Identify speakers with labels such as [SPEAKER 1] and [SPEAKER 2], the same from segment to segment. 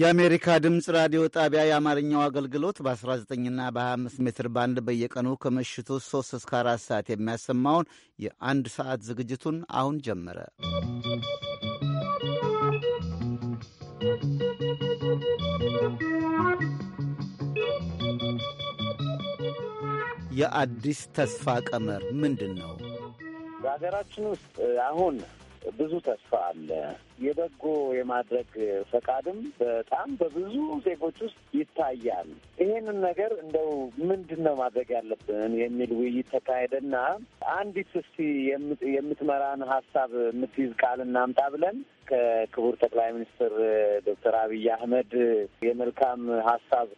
[SPEAKER 1] የአሜሪካ ድምፅ ራዲዮ ጣቢያ የአማርኛው አገልግሎት በ19ና በ25 ሜትር ባንድ በየቀኑ ከምሽቱ 3 እስከ 4 ሰዓት የሚያሰማውን የአንድ ሰዓት ዝግጅቱን አሁን ጀመረ። የአዲስ ተስፋ ቀመር ምንድን ነው?
[SPEAKER 2] በሀገራችን ውስጥ አሁን ብዙ ተስፋ አለ። የበጎ የማድረግ ፈቃድም በጣም በብዙ ዜጎች ውስጥ ይታያል። ይሄንን ነገር እንደው ምንድን ነው ማድረግ ያለብን የሚል ውይይት ተካሄደና አንዲት እስቲ የምትመራን ሀሳብ የምትይዝ ቃል እናምጣ ብለን ከክቡር ጠቅላይ ሚኒስትር ዶክተር አብይ አህመድ የመልካም ሀሳብ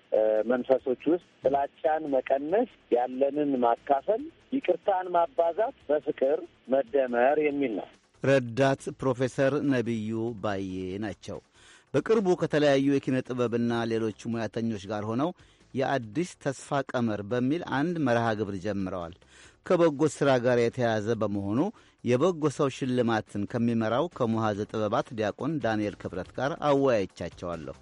[SPEAKER 2] መንፈሶች ውስጥ ጥላቻን መቀነስ፣ ያለንን ማካፈል፣ ይቅርታን ማባዛት፣ በፍቅር መደመር የሚል ነው።
[SPEAKER 1] ረዳት ፕሮፌሰር ነቢዩ ባዬ ናቸው። በቅርቡ ከተለያዩ የኪነ ጥበብና ሌሎች ሙያተኞች ጋር ሆነው የአዲስ ተስፋ ቀመር በሚል አንድ መርሃ ግብር ጀምረዋል። ከበጎ ሥራ ጋር የተያያዘ በመሆኑ የበጎ ሰው ሽልማትን ከሚመራው ከሙሐዘ ጥበባት ዲያቆን ዳንኤል ክብረት ጋር አወያይቻቸዋለሁ።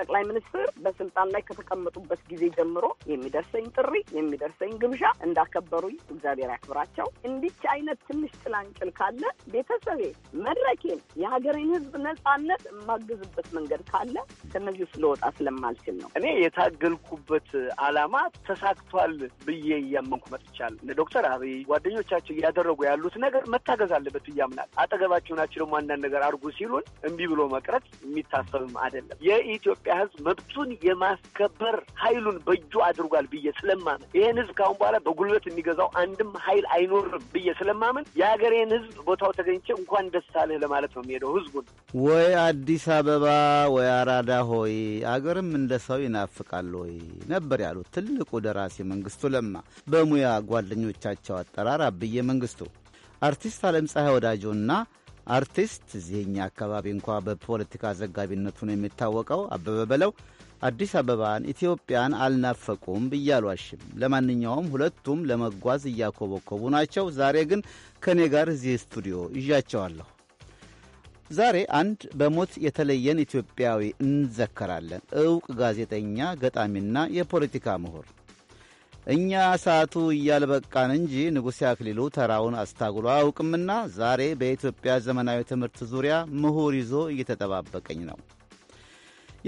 [SPEAKER 3] ጠቅላይ ሚኒስትር በስልጣን ላይ ከተቀመጡበት ጊዜ ጀምሮ የሚደርሰኝ ጥሪ የሚደርሰኝ ግብዣ እንዳከበሩኝ እግዚአብሔር ያክብራቸው። እንዲች አይነት ትንሽ ጭላንጭል ካለ ቤተሰቤ፣ መድረኬን፣ የሀገሬን ህዝብ ነጻነት የማግዝበት መንገድ ካለ
[SPEAKER 2] ከነዚህ ውስጥ ልወጣ ስለማልችል ነው። እኔ የታገልኩበት አላማ ተሳክቷል ብዬ እያመንኩ መጥቻለሁ። እንደ ዶክተር አብይ ጓደኞቻቸው እያደረጉ ያሉት ነገር መታገዝ አለበት እያምናል። አጠገባቸው ናቸው ደግሞ አንዳንድ ነገር አድርጉ ሲሉን እምቢ ብሎ መቅረት የሚታሰብም አይደለም። የኢትዮጵያ የኢትዮጵያ ህዝብ መብቱን የማስከበር ኃይሉን በእጁ አድርጓል ብዬ ስለማምን ይህን ህዝብ ካሁን በኋላ በጉልበት የሚገዛው አንድም ኃይል አይኖርም ብዬ ስለማምን የሀገሬን ህዝብ ቦታው ተገኝቼ እንኳን ደስ አለህ ለማለት ነው የሚሄደው። ህዝቡን።
[SPEAKER 1] ወይ አዲስ አበባ ወይ አራዳ ሆይ አገርም እንደ ሰው ይናፍቃል ወይ ነበር ያሉት ትልቁ ደራሲ መንግስቱ ለማ በሙያ ጓደኞቻቸው አጠራር አብዬ መንግስቱ አርቲስት አለም ፀሐይ ወዳጆና አርቲስት እዚህኛ አካባቢ እንኳ በፖለቲካ ዘጋቢነቱ ነው የሚታወቀው አበበ በለው አዲስ አበባን ኢትዮጵያን አልናፈቁም ብዬ ለማንኛውም ሁለቱም ለመጓዝ እያኮበኮቡ ናቸው። ዛሬ ግን ከእኔ ጋር እዚህ ስቱዲዮ ይዣቸዋለሁ። ዛሬ አንድ በሞት የተለየን ኢትዮጵያዊ እንዘከራለን። እውቅ ጋዜጠኛ፣ ገጣሚና የፖለቲካ ምሁር እኛ ሰዓቱ እያልበቃን እንጂ ንጉሴ አክሊሉ ተራውን አስታግሎ አያውቅምና ዛሬ በኢትዮጵያ ዘመናዊ ትምህርት ዙሪያ ምሁር ይዞ እየተጠባበቀኝ ነው።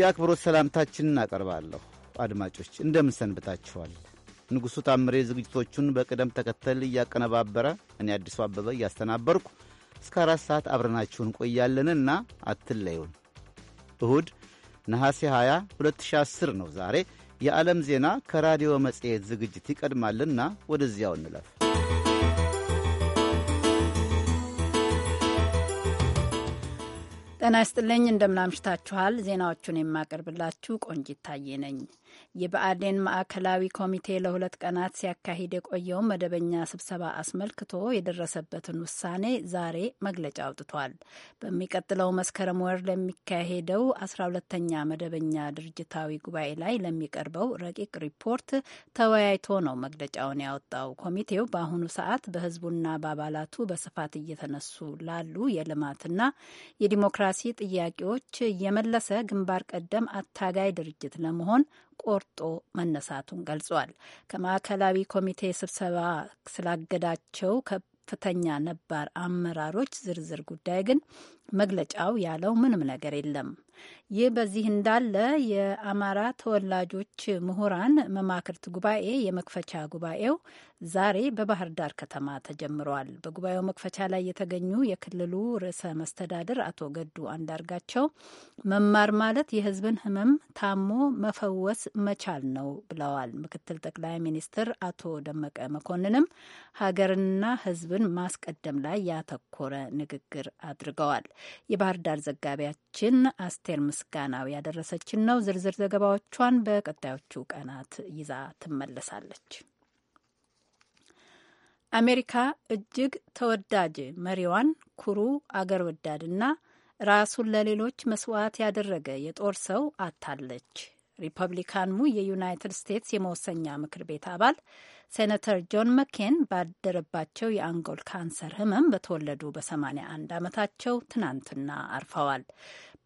[SPEAKER 1] የአክብሮት ሰላምታችንን አቀርባለሁ። አድማጮች እንደምን ሰንብታችኋል? ንጉሡ ታምሬ ዝግጅቶቹን በቅደም ተከተል እያቀነባበረ፣ እኔ አዲሱ አበበ እያስተናበርኩ እስከ አራት ሰዓት አብረናችሁን ቆያለንና አትለዩን። እሁድ ነሐሴ 20 2010 ነው ዛሬ የዓለም ዜና ከራዲዮ መጽሔት ዝግጅት ይቀድማልና ወደዚያው እንለፍ።
[SPEAKER 4] ጤና ይስጥልኝ፣ እንደምናምሽታችኋል። ዜናዎቹን የማቀርብላችሁ ቆንጂት ታዬ ነኝ። የብአዴን ማዕከላዊ ኮሚቴ ለሁለት ቀናት ሲያካሂድ የቆየውን መደበኛ ስብሰባ አስመልክቶ የደረሰበትን ውሳኔ ዛሬ መግለጫ አውጥቷል። በሚቀጥለው መስከረም ወር ለሚካሄደው አስራ ሁለተኛ መደበኛ ድርጅታዊ ጉባኤ ላይ ለሚቀርበው ረቂቅ ሪፖርት ተወያይቶ ነው መግለጫውን ያወጣው። ኮሚቴው በአሁኑ ሰዓት በህዝቡና በአባላቱ በስፋት እየተነሱ ላሉ የልማትና የዲሞክራሲ ጥያቄዎች እየመለሰ ግንባር ቀደም አታጋይ ድርጅት ለመሆን ቆርጦ መነሳቱን ገልጿል። ከማዕከላዊ ኮሚቴ ስብሰባ ስላገዳቸው ከፍተኛ ነባር አመራሮች ዝርዝር ጉዳይ ግን መግለጫው ያለው ምንም ነገር የለም። ይህ በዚህ እንዳለ የአማራ ተወላጆች ምሁራን መማክርት ጉባኤ የመክፈቻ ጉባኤው ዛሬ በባህር ዳር ከተማ ተጀምሯል። በጉባኤው መክፈቻ ላይ የተገኙ የክልሉ ርዕሰ መስተዳድር አቶ ገዱ አንዳርጋቸው መማር ማለት የሕዝብን ሕመም ታሞ መፈወስ መቻል ነው ብለዋል። ምክትል ጠቅላይ ሚኒስትር አቶ ደመቀ መኮንንም ሀገርንና ሕዝብን ማስቀደም ላይ ያተኮረ ንግግር አድርገዋል። የባህር ዳር ዘጋቢያችን አስቴ አስቴር ምስጋናው ያደረሰችን ነው። ዝርዝር ዘገባዎቿን በቀጣዮቹ ቀናት ይዛ ትመለሳለች። አሜሪካ እጅግ ተወዳጅ መሪዋን ኩሩ አገር ወዳድና ራሱን ለሌሎች መስዋዕት ያደረገ የጦር ሰው አታለች። ሪፐብሊካኑ የዩናይትድ ስቴትስ የመወሰኛ ምክር ቤት አባል ሴኔተር ጆን መኬን ባደረባቸው የአንጎል ካንሰር ሕመም በተወለዱ በ81 ዓመታቸው ትናንትና አርፈዋል።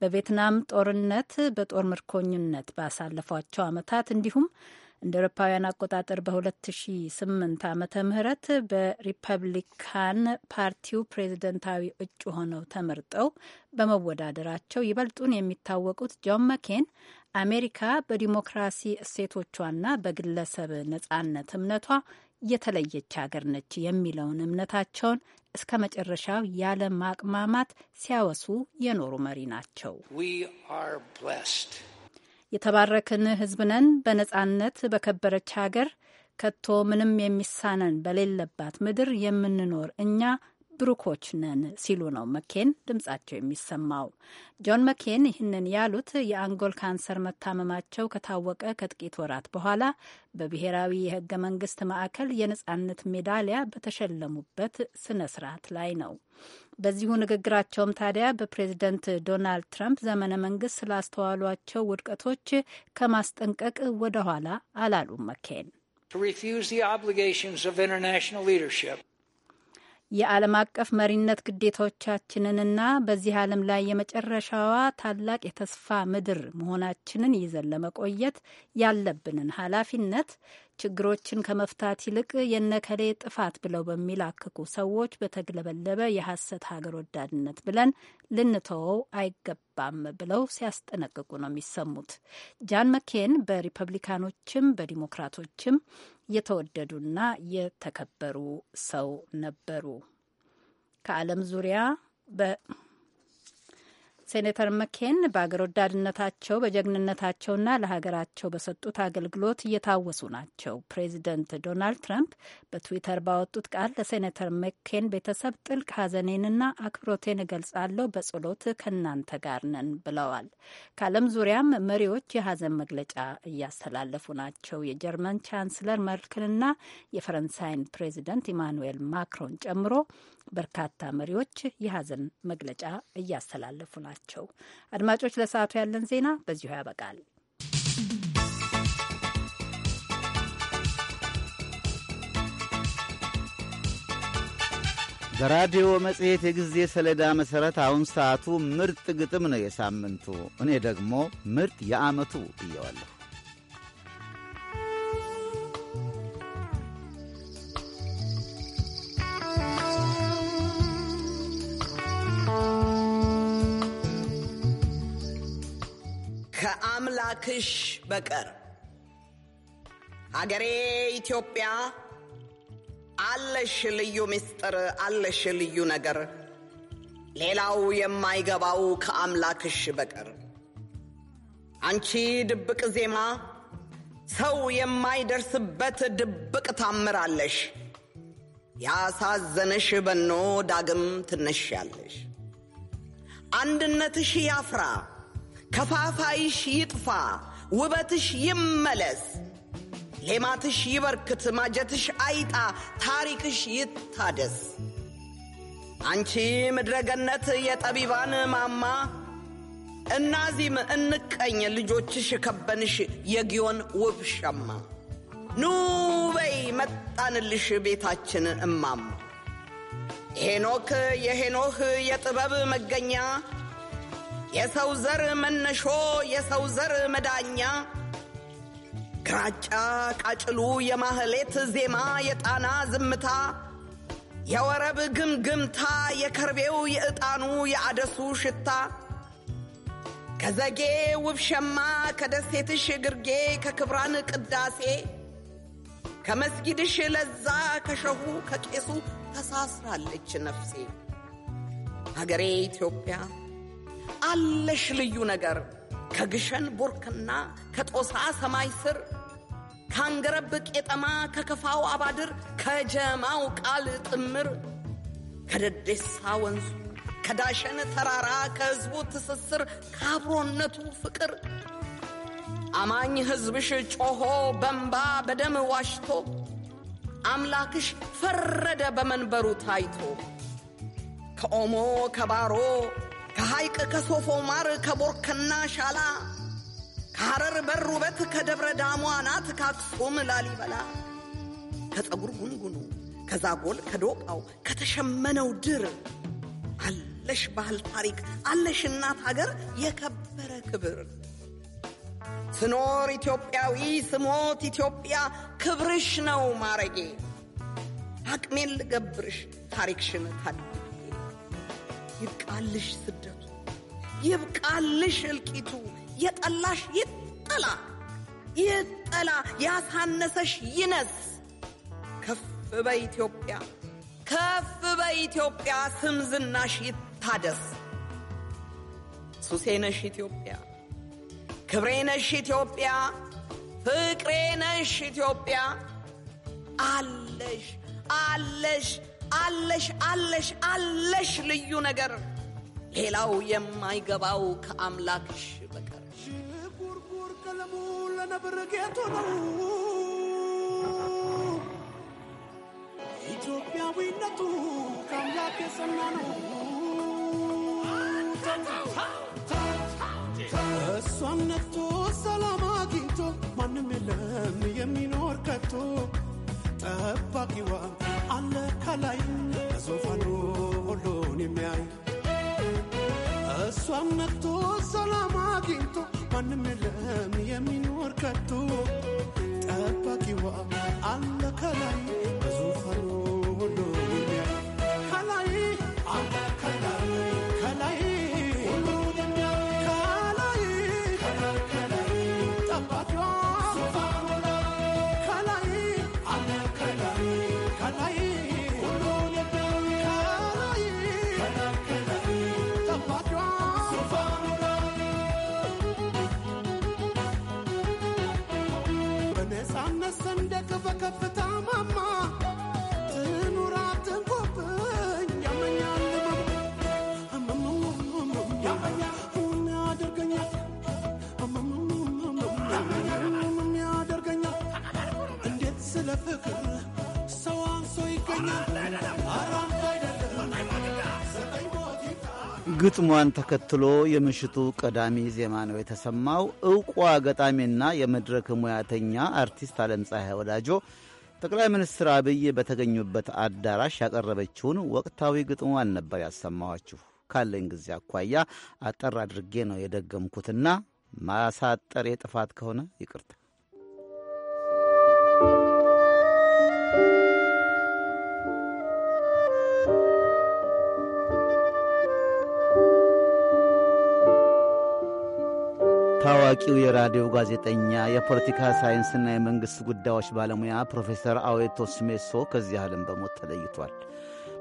[SPEAKER 4] በቪየትናም ጦርነት በጦር ምርኮኝነት ባሳለፏቸው ዓመታት እንዲሁም እንደ አውሮፓውያን አቆጣጠር በ2008 ዓመተ ምህረት በሪፐብሊካን ፓርቲው ፕሬዝደንታዊ እጩ ሆነው ተመርጠው በመወዳደራቸው ይበልጡን የሚታወቁት ጆን መኬን አሜሪካ በዲሞክራሲ እሴቶቿና በግለሰብ ነጻነት እምነቷ የተለየች ሀገር ነች የሚለውን እምነታቸውን እስከ መጨረሻው ያለ ማቅማማት ሲያወሱ የኖሩ መሪ ናቸው። የተባረክን ሕዝብ ነን። በነጻነት በከበረች ሀገር ከቶ ምንም የሚሳነን በሌለባት ምድር የምንኖር እኛ ብሩኮች ነን ሲሉ ነው መኬን ድምጻቸው የሚሰማው። ጆን መኬን ይህንን ያሉት የአንጎል ካንሰር መታመማቸው ከታወቀ ከጥቂት ወራት በኋላ በብሔራዊ የህገ መንግስት ማዕከል የነጻነት ሜዳሊያ በተሸለሙበት ስነ ስርዓት ላይ ነው። በዚሁ ንግግራቸውም ታዲያ በፕሬዝደንት ዶናልድ ትራምፕ ዘመነ መንግስት ስላስተዋሏቸው ውድቀቶች ከማስጠንቀቅ ወደኋላ አላሉም መኬን የዓለም አቀፍ መሪነት ግዴታዎቻችንንና በዚህ ዓለም ላይ የመጨረሻዋ ታላቅ የተስፋ ምድር መሆናችንን ይዘን ለመቆየት ያለብንን ኃላፊነት ችግሮችን ከመፍታት ይልቅ የነከሌ ጥፋት ብለው በሚላክኩ ሰዎች በተግለበለበ የሐሰት ሀገር ወዳድነት ብለን ልንተወው አይገባም ብለው ሲያስጠነቅቁ ነው የሚሰሙት። ጃን መኬን በሪፐብሊካኖችም በዲሞክራቶችም የተወደዱና የተከበሩ ሰው ነበሩ። ከዓለም ዙሪያ ሴኔተር መኬን በአገር ወዳድነታቸው በጀግንነታቸውና ለሀገራቸው በሰጡት አገልግሎት እየታወሱ ናቸው። ፕሬዚደንት ዶናልድ ትራምፕ በትዊተር ባወጡት ቃል ለሴኔተር መኬን ቤተሰብ ጥልቅ ሀዘኔንና አክብሮቴን እገልጻለሁ፣ በጸሎት ከእናንተ ጋር ነን ብለዋል። ከዓለም ዙሪያም መሪዎች የሀዘን መግለጫ እያስተላለፉ ናቸው። የጀርመን ቻንስለር መርክልና የፈረንሳይን ፕሬዚደንት ኢማኑኤል ማክሮን ጨምሮ በርካታ መሪዎች የሀዘን መግለጫ እያስተላለፉ ናቸው። አድማጮች፣ ለሰዓቱ ያለን ዜና በዚሁ ያበቃል።
[SPEAKER 1] በራዲዮ መጽሔት የጊዜ ሰሌዳ መሠረት አሁን ሰዓቱ ምርጥ ግጥም ነው የሳምንቱ። እኔ ደግሞ ምርጥ የዓመቱ ብየዋለሁ።
[SPEAKER 5] ከአምላክሽ በቀር አገሬ ኢትዮጵያ አለሽ ልዩ ምስጢር፣ አለሽ ልዩ ነገር ሌላው የማይገባው ከአምላክሽ በቀር አንቺ ድብቅ ዜማ ሰው የማይደርስበት ድብቅ ታምራለሽ። ያሳዘነሽ በኖ ዳግም ትነሻለሽ። አንድነትሽ ያፍራ ከፋፋይሽ ይጥፋ፣ ውበትሽ ይመለስ፣ ሌማትሽ ይበርክት፣ ማጀትሽ አይጣ፣ ታሪክሽ ይታደስ። አንቺ ምድረገነት የጠቢባን ማማ እናዚህም እንቀኝ ልጆችሽ ከበንሽ የጊዮን ውብ ሸማ ኑ በይ መጣንልሽ ቤታችን እማማ ሄኖክ የሄኖህ የጥበብ መገኛ የሰው ዘር መነሾ የሰው ዘር መዳኛ ግራጫ ቃጭሉ የማህሌት ዜማ የጣና ዝምታ የወረብ ግምግምታ የከርቤው የዕጣኑ የአደሱ ሽታ ከዘጌ ውብ ሸማ ከደሴትሽ ግርጌ ከክብራን ቅዳሴ ከመስጊድሽ ለዛ ከሸሁ ከቄሱ ተሳስራለች ነፍሴ ሀገሬ ኢትዮጵያ አለሽ ልዩ ነገር ከግሸን ቦርክና ከጦሳ ሰማይ ስር ካንገረብ ቄጠማ ከከፋው አባድር ከጀማው ቃል ጥምር ከደዴሳ ወንዙ ከዳሸን ተራራ ከሕዝቡ ትስስር ከአብሮነቱ ፍቅር አማኝ ሕዝብሽ ጮሆ በንባ በደም ዋሽቶ አምላክሽ ፈረደ በመንበሩ ታይቶ ከኦሞ ከባሮ ከሐይቅ ከሶፎ ማር ከቦርከና ሻላ ከሐረር በር ውበት ከደብረ ዳሟ ናት ካክሱም ላሊበላ ከፀጉር ጉንጉኑ ከዛጎል ከዶቃው ከተሸመነው ድር አለሽ ባህል ታሪክ አለሽ እናት ሀገር የከበረ ክብር ስኖር ኢትዮጵያዊ ስሞት ኢትዮጵያ ክብርሽ ነው ማረጌ አቅሜን ልገብርሽ ታሪክሽን ታድጌ ይብቃልሽ ስደቱ፣ ይብቃልሽ እልቂቱ። የጠላሽ ይጠላ ይጠላ፣ ያሳነሰሽ ይነስ። ከፍ በኢትዮጵያ ከፍ በኢትዮጵያ፣ ስም ዝናሽ ይታደስ። ሱሴነሽ ኢትዮጵያ፣ ክብሬነሽ ኢትዮጵያ፣ ፍቅሬነሽ ኢትዮጵያ አለሽ አለሽ አለሽ አለሽ አለሽ ልዩ ነገር ሌላው የማይገባው ከአምላክሽ በቀር ሽንጉርጉር
[SPEAKER 6] ቀለሙ ለነብር ጌቱ ነው። ኢትዮጵያዊነቱ ከአምላክ የሰና ነው። እሷን ነቶ ሰላም አግኝቶ ማንም የለም የሚኖር ከቶ ጠባቂዋ አለ ከላይ በዙፋኑ ሁሉን የሚያይ እሷም መጥቶ ሰላም አግኝቶ ማንም የለም የሚኖር ከቶ ጠባቂዋ አለ ከላይ በዙፋኑ ይገኛል
[SPEAKER 1] ግጥሟን ተከትሎ የምሽቱ ቀዳሚ ዜማ ነው የተሰማው። እውቋ ገጣሚና የመድረክ ሙያተኛ አርቲስት አለም ፀሐይ ወዳጆ ጠቅላይ ሚኒስትር አብይ በተገኙበት አዳራሽ ያቀረበችውን ወቅታዊ ግጥሟን ነበር ያሰማኋችሁ። ካለኝ ጊዜ አኳያ አጠር አድርጌ ነው የደገምኩትና ማሳጠር የጥፋት ከሆነ ይቅርታ። ታዋቂው የራዲዮ ጋዜጠኛ የፖለቲካ ሳይንስና የመንግሥት ጉዳዮች ባለሙያ ፕሮፌሰር አዌቶ ስሜሶ ከዚህ ዓለም በሞት ተለይቷል።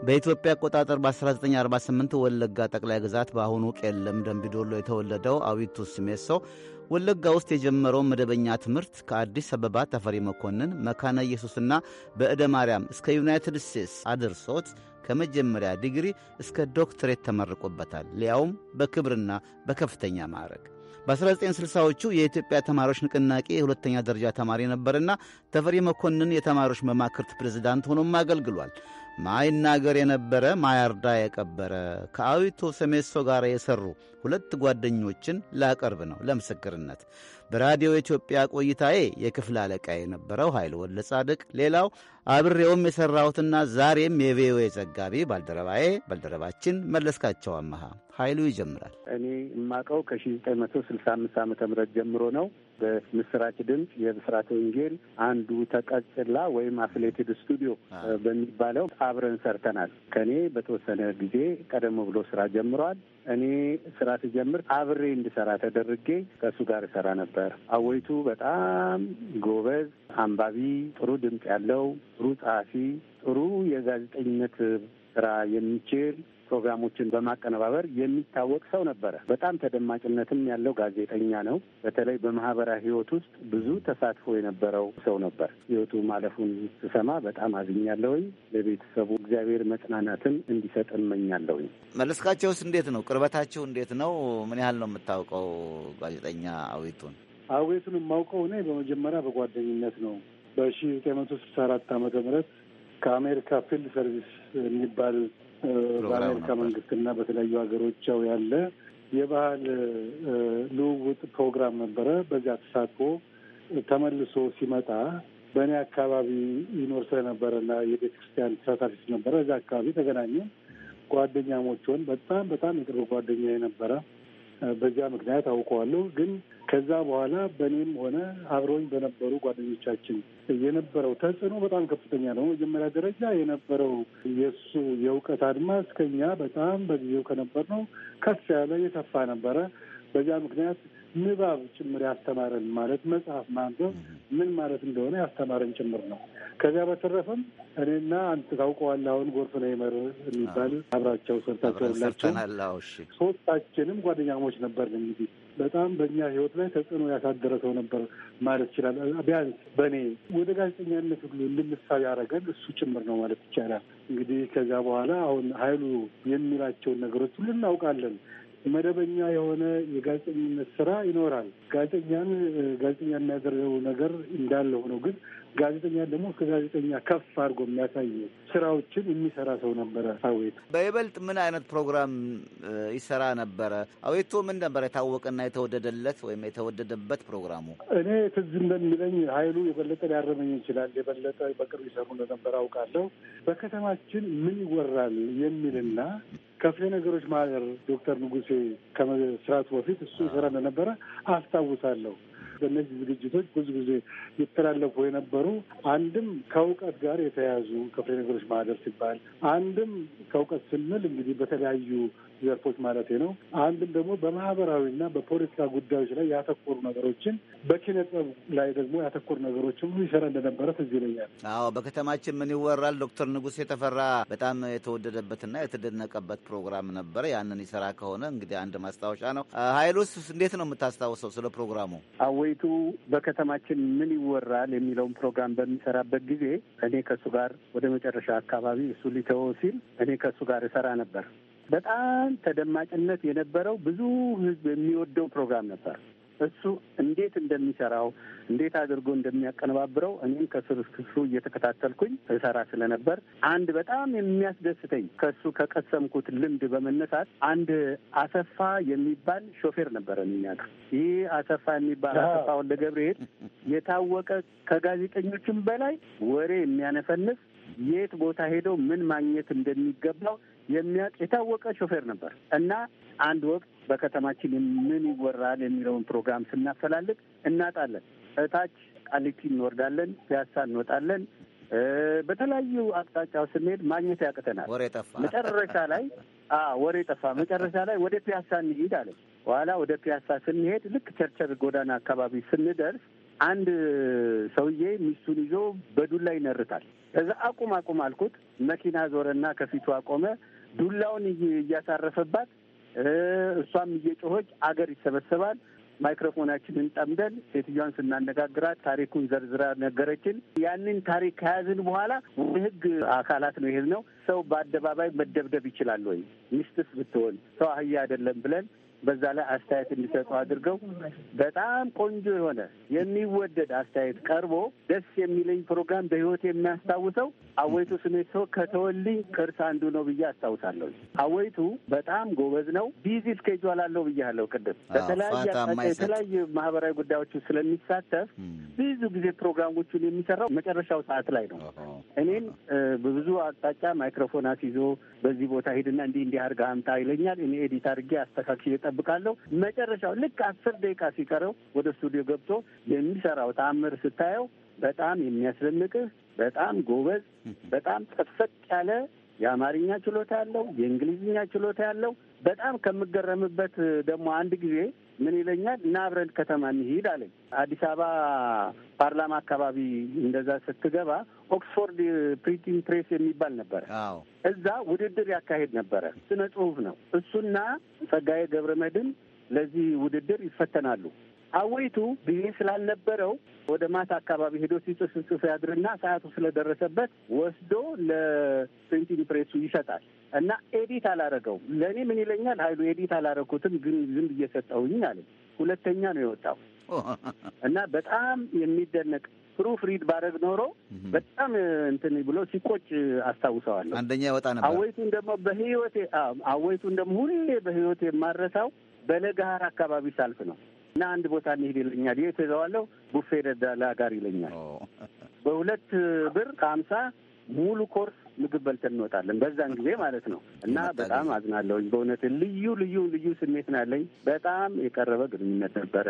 [SPEAKER 1] በኢትዮጵያ አቆጣጠር በ1948 ወለጋ ጠቅላይ ግዛት በአሁኑ ቄለም ደንቢዶሎ የተወለደው አዊቱ ስሜሶ ወለጋ ውስጥ የጀመረው መደበኛ ትምህርት ከአዲስ አበባ ተፈሪ መኮንን መካነ ኢየሱስና በእደ ማርያም እስከ ዩናይትድ ስቴትስ አድርሶት ከመጀመሪያ ዲግሪ እስከ ዶክትሬት ተመርቆበታል። ሊያውም በክብርና በከፍተኛ ማዕረግ በ1960ዎቹ የኢትዮጵያ ተማሪዎች ንቅናቄ የሁለተኛ ደረጃ ተማሪ ነበርና ተፈሪ መኮንን የተማሪዎች መማክርት ፕሬዝዳንት ሆኖም አገልግሏል። ማይናገር የነበረ ማያርዳ የቀበረ ከአዊቶ ሰሜሶ ጋር የሰሩ ሁለት ጓደኞችን ላቀርብ ነው ለምስክርነት በራዲዮ ኢትዮጵያ ቆይታዬ የክፍል አለቃ የነበረው ኃይል ወለ ጻድቅ፣ ሌላው አብሬውም የሠራሁትና ዛሬም የቪኦኤ ዘጋቢ ባልደረባዬ ባልደረባችን መለስካቸው አመሃ ኃይሉ ይጀምራል።
[SPEAKER 7] እኔ የማውቀው ከ1965 ዓ ም ጀምሮ ነው። በምስራች ድምፅ የምስራች ወንጌል አንዱ ተቀጽላ ወይም አፍሌትድ ስቱዲዮ በሚባለው አብረን ሰርተናል። ከኔ በተወሰነ ጊዜ ቀደም ብሎ ስራ ጀምሯል። እኔ ስራ ስጀምር አብሬ እንድሰራ ተደርጌ ከእሱ ጋር እሰራ ነበር። አወይቱ በጣም ጎበዝ አንባቢ፣ ጥሩ ድምፅ ያለው፣ ጥሩ ጸሐፊ፣ ጥሩ የጋዜጠኝነት ስራ የሚችል ፕሮግራሞችን
[SPEAKER 2] በማቀነባበር የሚታወቅ ሰው ነበረ። በጣም ተደማጭነትም ያለው ጋዜጠኛ ነው። በተለይ በማህበራዊ ህይወት ውስጥ ብዙ ተሳትፎ የነበረው ሰው ነበር። ህይወቱ ማለፉን ስሰማ
[SPEAKER 7] በጣም አዝኛለሁኝ። ለቤተሰቡ እግዚአብሔር መጽናናትን እንዲሰጥ እመኛለሁኝ።
[SPEAKER 1] መለስካቸውስ እንዴት ነው? ቅርበታችሁ እንዴት ነው? ምን ያህል ነው የምታውቀው ጋዜጠኛ አዊቱን?
[SPEAKER 7] አዊቱን የማውቀው እኔ በመጀመሪያ በጓደኝነት ነው በሺ ዘጠኝ መቶ ስልሳ አራት ዓመተ ምህረት ከአሜሪካ ፊልድ ሰርቪስ የሚባል በአሜሪካ መንግስትና በተለያዩ ሀገሮች ያለ የባህል ልውውጥ ፕሮግራም ነበረ። በዚያ ተሳትፎ ተመልሶ ሲመጣ በእኔ አካባቢ ይኖር ስለነበረ እና የቤተ ክርስቲያን ተሳታፊ ስለነበረ እዚ አካባቢ ተገናኘ። ጓደኛሞች ሆን በጣም በጣም የቅርብ ጓደኛ የነበረ በዚያ ምክንያት አውቀዋለሁ። ግን ከዛ በኋላ በእኔም ሆነ አብረውኝ በነበሩ ጓደኞቻችን የነበረው ተጽዕኖ በጣም ከፍተኛ ነው። መጀመሪያ ደረጃ የነበረው የእሱ የእውቀት አድማስ ከኛ በጣም በጊዜው ከነበር ነው ከፍ ያለ የሰፋ ነበረ። በዛ ምክንያት ንባብ ጭምር ያስተማረን ማለት መጽሐፍ ማንበብ ምን ማለት እንደሆነ ያስተማረን ጭምር ነው። ከዚያ በተረፈም እኔና አንተ ታውቀዋለህ፣ አሁን ጎርፍ ላይ መር የሚባል አብራቸው ሰርታቸው ሶስታችንም ጓደኛሞች ነበር። እንግዲህ በጣም በእኛ ህይወት ላይ ተጽዕኖ ያሳደረ ሰው ነበር ማለት ይችላል። ቢያንስ በእኔ ወደ ጋዜጠኛነት ሁሉ እንድንሳብ ያደረገን እሱ ጭምር ነው ማለት ይቻላል። እንግዲህ ከዚያ በኋላ አሁን ኃይሉ የሚላቸውን ነገሮች ሁሉ እናውቃለን። መደበኛ የሆነ የጋዜጠኝነት ስራ ይኖራል። ጋዜጠኛን ጋዜጠኛ የሚያደርገው ነገር እንዳለ ሆኖ ግን ጋዜጠኛ ደግሞ ከጋዜጠኛ ከፍ አድርጎ የሚያሳይ ስራዎችን የሚሰራ ሰው ነበረ። አቤቱ
[SPEAKER 1] በይበልጥ ምን አይነት ፕሮግራም ይሰራ ነበረ? አዌቶ ምን ነበር የታወቀና የተወደደለት ወይም የተወደደበት ፕሮግራሙ?
[SPEAKER 7] እኔ ትዝ እንደሚለኝ ሀይሉ የበለጠ ሊያረመኝ ይችላል። የበለጠ በቅርብ ይሰሩ እንደነበር አውቃለሁ። በከተማችን ምን ይወራል የሚልና ከፍሬ ነገሮች ማህበር ዶክተር ንጉሴ ከመስራቱ በፊት እሱ ይሰራ እንደነበረ አስታውሳለሁ። በእነዚህ ዝግጅቶች ብዙ ጊዜ ይተላለፉ የነበሩ አንድም ከእውቀት ጋር የተያያዙ ከፍሬ ነገሮች ማህደር ሲባል አንድም ከእውቀት ስንል እንግዲህ በተለያዩ ዘርፎች ማለት ነው። አንድም ደግሞ በማህበራዊና በፖለቲካ ጉዳዮች ላይ ያተኮሩ ነገሮችን በኪነ ላይ ደግሞ ያተኮሩ ነገሮችን ሁሉ ይሰራ እንደነበረ ትዝ ይለኛል። አዎ በከተማችን
[SPEAKER 1] ምን ይወራል ዶክተር ንጉስ የተፈራ በጣም የተወደደበትና የተደነቀበት ፕሮግራም ነበረ። ያንን ይሰራ ከሆነ እንግዲህ አንድ ማስታወሻ ነው። ሀይሉስ እንዴት ነው የምታስታውሰው ስለ ፕሮግራሙ?
[SPEAKER 7] አወይቱ በከተማችን ምን ይወራል የሚለውን ፕሮግራም በሚሰራበት ጊዜ እኔ
[SPEAKER 2] ከእሱ ጋር ወደ መጨረሻ አካባቢ እሱ ሊተወው ሲል እኔ ከእሱ ጋር እሰራ ነበር። በጣም ተደማጭነት የነበረው ብዙ ህዝብ የሚወደው ፕሮግራም ነበር። እሱ እንዴት እንደሚሰራው እንዴት አድርጎ እንደሚያቀነባብረው እኔም ከስር ስሩ እየተከታተልኩኝ እሰራ ስለነበር አንድ በጣም የሚያስደስተኝ ከሱ ከቀሰምኩት ልምድ በመነሳት አንድ አሰፋ የሚባል ሾፌር ነበረ እኛ ይህ አሰፋ የሚባል አሰፋ ወልደ ገብርኤል የታወቀ ከጋዜጠኞችም በላይ ወሬ የሚያነፈንፍ የት ቦታ ሄደው ምን ማግኘት እንደሚገባው የሚያውቅ የታወቀ ሾፌር ነበር እና አንድ ወቅት በከተማችን ምን ይወራል የሚለውን ፕሮግራም ስናፈላልግ እናጣለን። እታች ቃሊቲ እንወርዳለን፣ ፒያሳ እንወጣለን። በተለያዩ አቅጣጫው ስንሄድ ማግኘት ያቅተናል።
[SPEAKER 1] ወሬ ጠፋ። መጨረሻ
[SPEAKER 2] ላይ ወሬ ጠፋ። መጨረሻ ላይ ወደ ፒያሳ እንሂድ አለች። በኋላ ወደ ፒያሳ ስንሄድ ልክ ቸርቸር ጎዳና አካባቢ ስንደርስ አንድ ሰውዬ ሚስቱን ይዞ በዱላ ይነርታል። እዛ አቁም አቁም አልኩት። መኪና ዞረና ከፊቱ አቆመ። ዱላውን እያሳረፈባት እሷም እየጮኸች አገር ይሰበሰባል። ማይክሮፎናችንን ጠምደን ሴትዮዋን ስናነጋግራት ታሪኩን ዘርዝራ ነገረችን። ያንን ታሪክ ከያዝን በኋላ ወደ ሕግ አካላት ነው ይሄድ ነው። ሰው በአደባባይ መደብደብ ይችላል ወይ? ሚስትስ ብትሆን ሰው አህያ አይደለም ብለን በዛ ላይ አስተያየት እንዲሰጡ አድርገው በጣም ቆንጆ የሆነ የሚወደድ አስተያየት ቀርቦ ደስ የሚለኝ ፕሮግራም በህይወት የሚያስታውሰው አወይቱ ስሜቶ ከተወልኝ ቅርስ አንዱ ነው ብዬ አስታውሳለሁ። አወይቱ በጣም ጎበዝ ነው። ቢዚ ስኬጁል አለው ብያለሁ ቅድም። በተለያየ ማህበራዊ ጉዳዮች ስለሚሳተፍ ብዙ ጊዜ ፕሮግራሞቹን የሚሰራው መጨረሻው ሰዓት ላይ ነው። እኔም በብዙ አቅጣጫ ማይክሮፎን አስይዞ በዚህ ቦታ ሂድና እንዲህ እንዲህ አድርገህ አምጣ ይለኛል። እኔ ኤዲት አድርጌ አስተካክዬ እጠብቃለሁ። መጨረሻው ልክ አስር ደቂቃ ሲቀረው ወደ ስቱዲዮ ገብቶ የሚሰራው ተአምር ስታየው በጣም የሚያስደንቅህ፣ በጣም ጎበዝ፣ በጣም ጠፈቅ ያለ የአማርኛ ችሎታ ያለው የእንግሊዝኛ ችሎታ ያለው በጣም ከምገረምበት ደግሞ አንድ ጊዜ ምን ይለኛል እና አብረን ከተማ እንሂድ አለኝ። አዲስ አበባ ፓርላማ አካባቢ እንደዛ ስትገባ ኦክስፎርድ ፕሪንቲንግ ፕሬስ የሚባል ነበረ። እዛ ውድድር ያካሄድ ነበረ። ስነ ጽሁፍ ነው። እሱና ጸጋዬ ገብረ መድን ለዚህ ውድድር ይፈተናሉ። አወይቱ ብሄ ስላልነበረው ወደ ማታ አካባቢ ሄዶ ሲጽፍ ጽፍ ያድርና ሰዓቱ ስለደረሰበት ወስዶ ለፕሪንቲንግ ፕሬሱ ይሰጣል እና ኤዲት አላረገውም። ለእኔ ምን ይለኛል ሀይሉ ኤዲት አላረኩትም፣ ግን ዝም እየሰጠውኝ አለ። ሁለተኛ ነው የወጣው እና በጣም የሚደነቅ ፕሩፍ ሪድ ባረግ ኖሮ በጣም እንትን ብሎ ሲቆጭ አስታውሰዋለሁ።
[SPEAKER 1] አንደኛ ያወጣ ነበር። አወይቱን
[SPEAKER 2] ደግሞ በህይወቴ አወይቱን ደግሞ ሁሌ በህይወቴ የማረሳው በለጋሃር አካባቢ ሳልፍ ነው እና አንድ ቦታ እንሂድ ይለኛል። የት እለዋለሁ? ቡፌ ረዳ ጋር ይለኛል። በሁለት ብር ከሀምሳ ሙሉ ኮርስ ምግብ በልተን እንወጣለን። በዛን ጊዜ ማለት ነው እና በጣም አዝናለሁኝ። በእውነት ልዩ ልዩ ልዩ ስሜት ናለኝ። በጣም የቀረበ ግንኙነት ነበረ።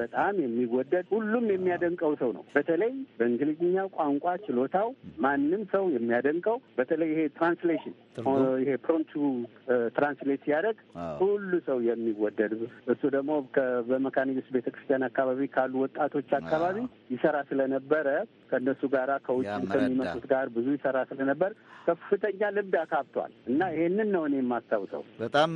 [SPEAKER 2] በጣም የሚወደድ ሁሉም የሚያደንቀው ሰው ነው። በተለይ በእንግሊዝኛ ቋንቋ ችሎታው ማንም ሰው የሚያደንቀው በተለይ ይሄ ትራንስሌሽን ይሄ ፕሮንቱ ትራንስሌት ሲያደርግ ሁሉ ሰው የሚወደድ እሱ ደግሞ በመካኒስ ቤተክርስቲያን አካባቢ ካሉ ወጣቶች አካባቢ ይሰራ ስለነበረ ከእነሱ ጋራ ከውጭ ከሚመጡት ጋር ብዙ ይሰራ ስለነበር ከፍተኛ ልብ አካብቷል እና ይሄንን ነው እኔ የማስታውሰው።
[SPEAKER 1] በጣም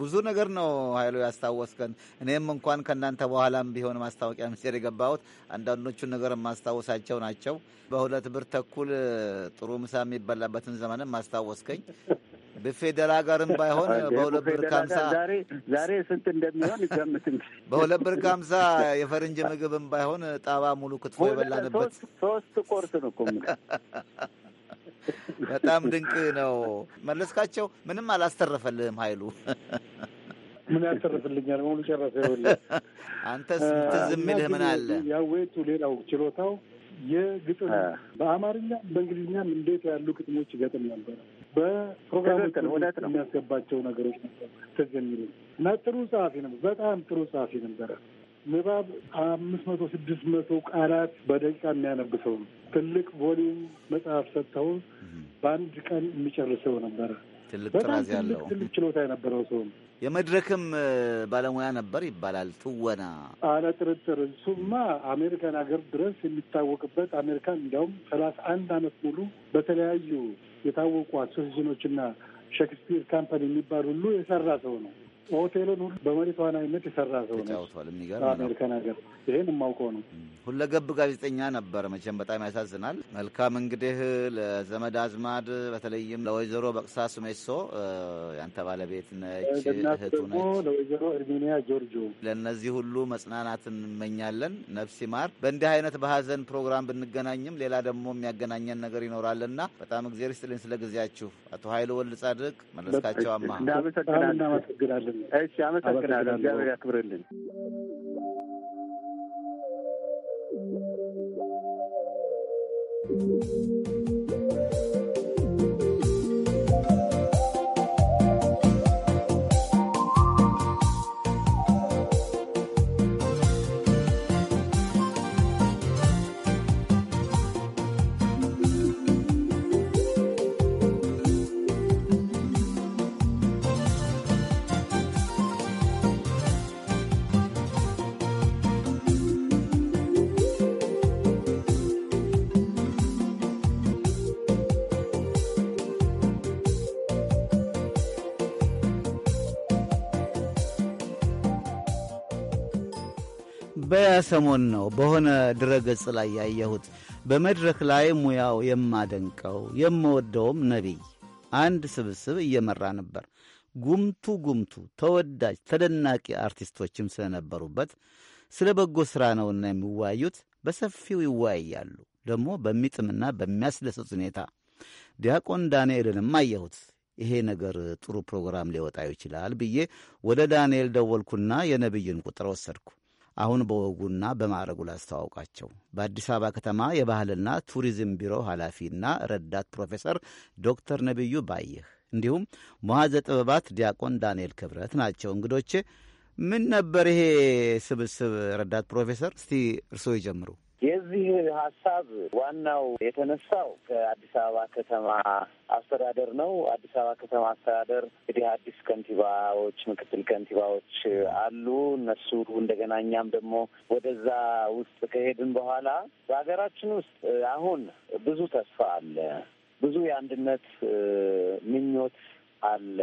[SPEAKER 1] ብዙ ነገር ነው ኃይሉ ያስታወስከን። እኔም እንኳን ከእናንተ በኋላም ቢሆን ማስታወቂያ ሚኒስቴር የገባሁት አንዳንዶቹን ነገር የማስታወሳቸው ናቸው። በሁለት ብር ተኩል ጥሩ ምሳ የሚበላበትን ዘመንም ማስታወስከኝ። ብፌ ደራ ጋርም ባይሆን በሁለት ብር ከሀምሳ ዛሬ
[SPEAKER 2] ስንት እንደሚሆን ገምት። በሁለት ብር ከሀምሳ የፈረንጅ
[SPEAKER 1] ምግብም ባይሆን ጣባ ሙሉ ክትፎ የበላንበት ሶስት ቆርስ ነው እኮ በጣም ድንቅ ነው መለስካቸው። ምንም አላስተረፈልህም ኃይሉ
[SPEAKER 7] ምን ያተርፍልኛል? ሙሉ ጨረሰ። ይኸውልህ አንተስ ትዝ ምን አለ? ያዌቱ ሌላው ችሎታው የግጥም በአማርኛ በእንግሊዝኛም እንዴት ያሉ ግጥሞች ገጥም ነበር። በፕሮግራሞች የሚያስገባቸው ነገሮች ነበር ትዝ የሚሉ እና ጥሩ ጸሐፊ ነበር። በጣም ጥሩ ጸሐፊ ነበረ። ንባብ አምስት መቶ ስድስት መቶ ቃላት በደቂቃ የሚያነብሰው ነው። ትልቅ ቮሊዩም መጽሐፍ ሰጥተው በአንድ ቀን የሚጨርሰው ነበረ።
[SPEAKER 1] ትልቅ ጥራዝ ያለው ትልቅ
[SPEAKER 7] ችሎታ የነበረው ሰው ነው።
[SPEAKER 1] የመድረክም uh, ባለሙያ ነበር ይባላል። ትወና
[SPEAKER 7] አለ ጥርጥር። እሱማ አሜሪካን ሀገር ድረስ የሚታወቅበት አሜሪካን እንዲያውም ሰላሳ አንድ አመት ሙሉ በተለያዩ የታወቁ አሶሴሽኖችና ሼክስፒር ካምፓኒ የሚባል ሁሉ የሰራ ሰው ነው። ሆቴሉን ሁሉ በመሬት ዋናዊነት የሰራ ሰው ነው። አሜሪካን ሀገር ይህን የማውቀው ነው።
[SPEAKER 1] ሁለገብ ጋዜጠኛ ነበር። መቼም በጣም ያሳዝናል። መልካም እንግዲህ ለዘመድ አዝማድ በተለይም ለወይዘሮ በቅሳ ሱሜሶ ያንተ ባለቤት ነች፣ እህቱ ነች፣ ለወይዘሮ እርሚኒያ ጆርጆ ለእነዚህ ሁሉ መጽናናት እንመኛለን። ነፍስ ይማር። በእንዲህ አይነት በሀዘን ፕሮግራም ብንገናኝም ሌላ ደግሞ የሚያገናኘን ነገር ይኖራልና በጣም እግዜር ይስጥልኝ ስለ ጊዜያችሁ። አቶ ሀይሉ ወልድ ጻድቅ፣ መለስካቸው አማ እናመሰግናለን።
[SPEAKER 7] ይስጥልኝ። እሺ፣ አመሰግናለሁ። እግዚአብሔር ያክብርልን። Thank you.
[SPEAKER 1] በያ ሰሞን ነው በሆነ ድረገጽ ላይ ያየሁት። በመድረክ ላይ ሙያው የማደንቀው የምወደውም ነቢይ አንድ ስብስብ እየመራ ነበር። ጉምቱ ጉምቱ ተወዳጅ ተደናቂ አርቲስቶችም ስለነበሩበት ስለ በጎ ሥራ ነውና የሚዋዩት በሰፊው ይወያያሉ። ደግሞ በሚጥምና በሚያስደስት ሁኔታ ዲያቆን ዳንኤልንም አየሁት። ይሄ ነገር ጥሩ ፕሮግራም ሊወጣ ይችላል ብዬ ወደ ዳንኤል ደወልኩና የነቢይን ቁጥር ወሰድኩ። አሁን በወጉና በማዕረጉ ላስተዋውቃቸው። በአዲስ አበባ ከተማ የባህልና ቱሪዝም ቢሮ ኃላፊና ረዳት ፕሮፌሰር ዶክተር ነቢዩ ባየህ እንዲሁም መዋዘ ጥበባት ዲያቆን ዳንኤል ክብረት ናቸው እንግዶቼ። ምን ነበር ይሄ ስብስብ ረዳት ፕሮፌሰር? እስቲ እርስዎ ይጀምሩ።
[SPEAKER 2] የዚህ ሀሳብ ዋናው የተነሳው ከአዲስ አበባ ከተማ አስተዳደር ነው። አዲስ አበባ ከተማ አስተዳደር እንግዲህ አዲስ ከንቲባዎች፣ ምክትል ከንቲባዎች አሉ። እነሱ እንደገና እኛም ደግሞ ወደዛ ውስጥ ከሄድን በኋላ በሀገራችን ውስጥ አሁን ብዙ ተስፋ አለ፣ ብዙ የአንድነት ምኞት አለ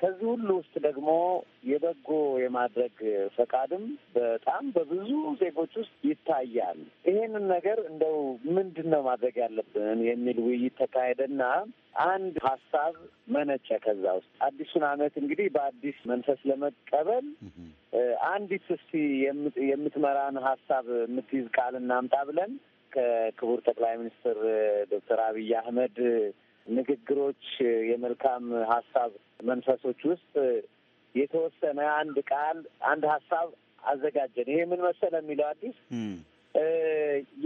[SPEAKER 2] ከዚህ ሁሉ ውስጥ ደግሞ የበጎ የማድረግ ፈቃድም በጣም በብዙ ዜጎች ውስጥ ይታያል። ይሄንን ነገር እንደው ምንድን ነው ማድረግ ያለብን የሚል ውይይት ተካሄደና አንድ ሀሳብ መነጨ። ከዛ ውስጥ አዲሱን ዓመት እንግዲህ በአዲስ መንፈስ ለመቀበል አንዲት እስቲ የምትመራን ሀሳብ የምትይዝ ቃል እናምጣ ብለን ከክቡር ጠቅላይ ሚኒስትር ዶክተር አብይ አህመድ ንግግሮች፣ የመልካም ሀሳብ መንፈሶች ውስጥ የተወሰነ አንድ ቃል አንድ ሀሳብ አዘጋጀን። ይሄ ምን መሰለ የሚለው አዲስ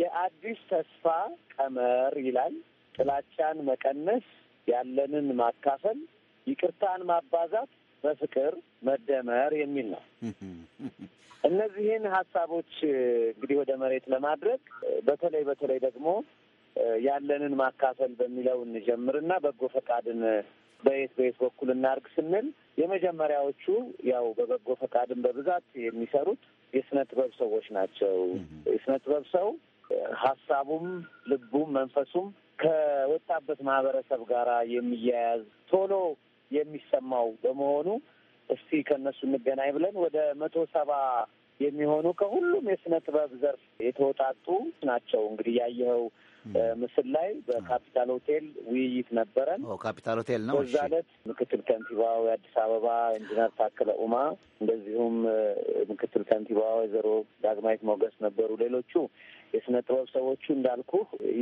[SPEAKER 2] የአዲስ ተስፋ ቀመር ይላል። ጥላቻን መቀነስ፣ ያለንን ማካፈል፣ ይቅርታን ማባዛት፣ በፍቅር መደመር የሚል ነው። እነዚህን ሀሳቦች እንግዲህ ወደ መሬት ለማድረግ በተለይ በተለይ ደግሞ ያለንን ማካፈል በሚለው እንጀምርና በጎ ፈቃድን በየት በየት በኩል እናርግ ስንል የመጀመሪያዎቹ ያው በበጎ ፈቃድን በብዛት የሚሰሩት የስነ ጥበብ ሰዎች ናቸው። የስነ ጥበብ ሰው ሀሳቡም ልቡም መንፈሱም ከወጣበት ማህበረሰብ ጋር የሚያያዝ ቶሎ የሚሰማው በመሆኑ እስቲ ከእነሱ እንገናኝ ብለን ወደ መቶ ሰባ የሚሆኑ ከሁሉም የስነ ጥበብ ዘርፍ የተወጣጡ ናቸው። እንግዲህ ያየኸው ምስል ላይ በካፒታል ሆቴል ውይይት ነበረን።
[SPEAKER 1] ካፒታል ሆቴል ነው። በዛ
[SPEAKER 2] ዕለት ምክትል ከንቲባው የአዲስ አበባ ኢንጂነር ታከለ ኡማ፣ እንደዚሁም ምክትል ከንቲባ ወይዘሮ ዳግማዊት ሞገስ ነበሩ። ሌሎቹ የስነ ጥበብ ሰዎቹ እንዳልኩ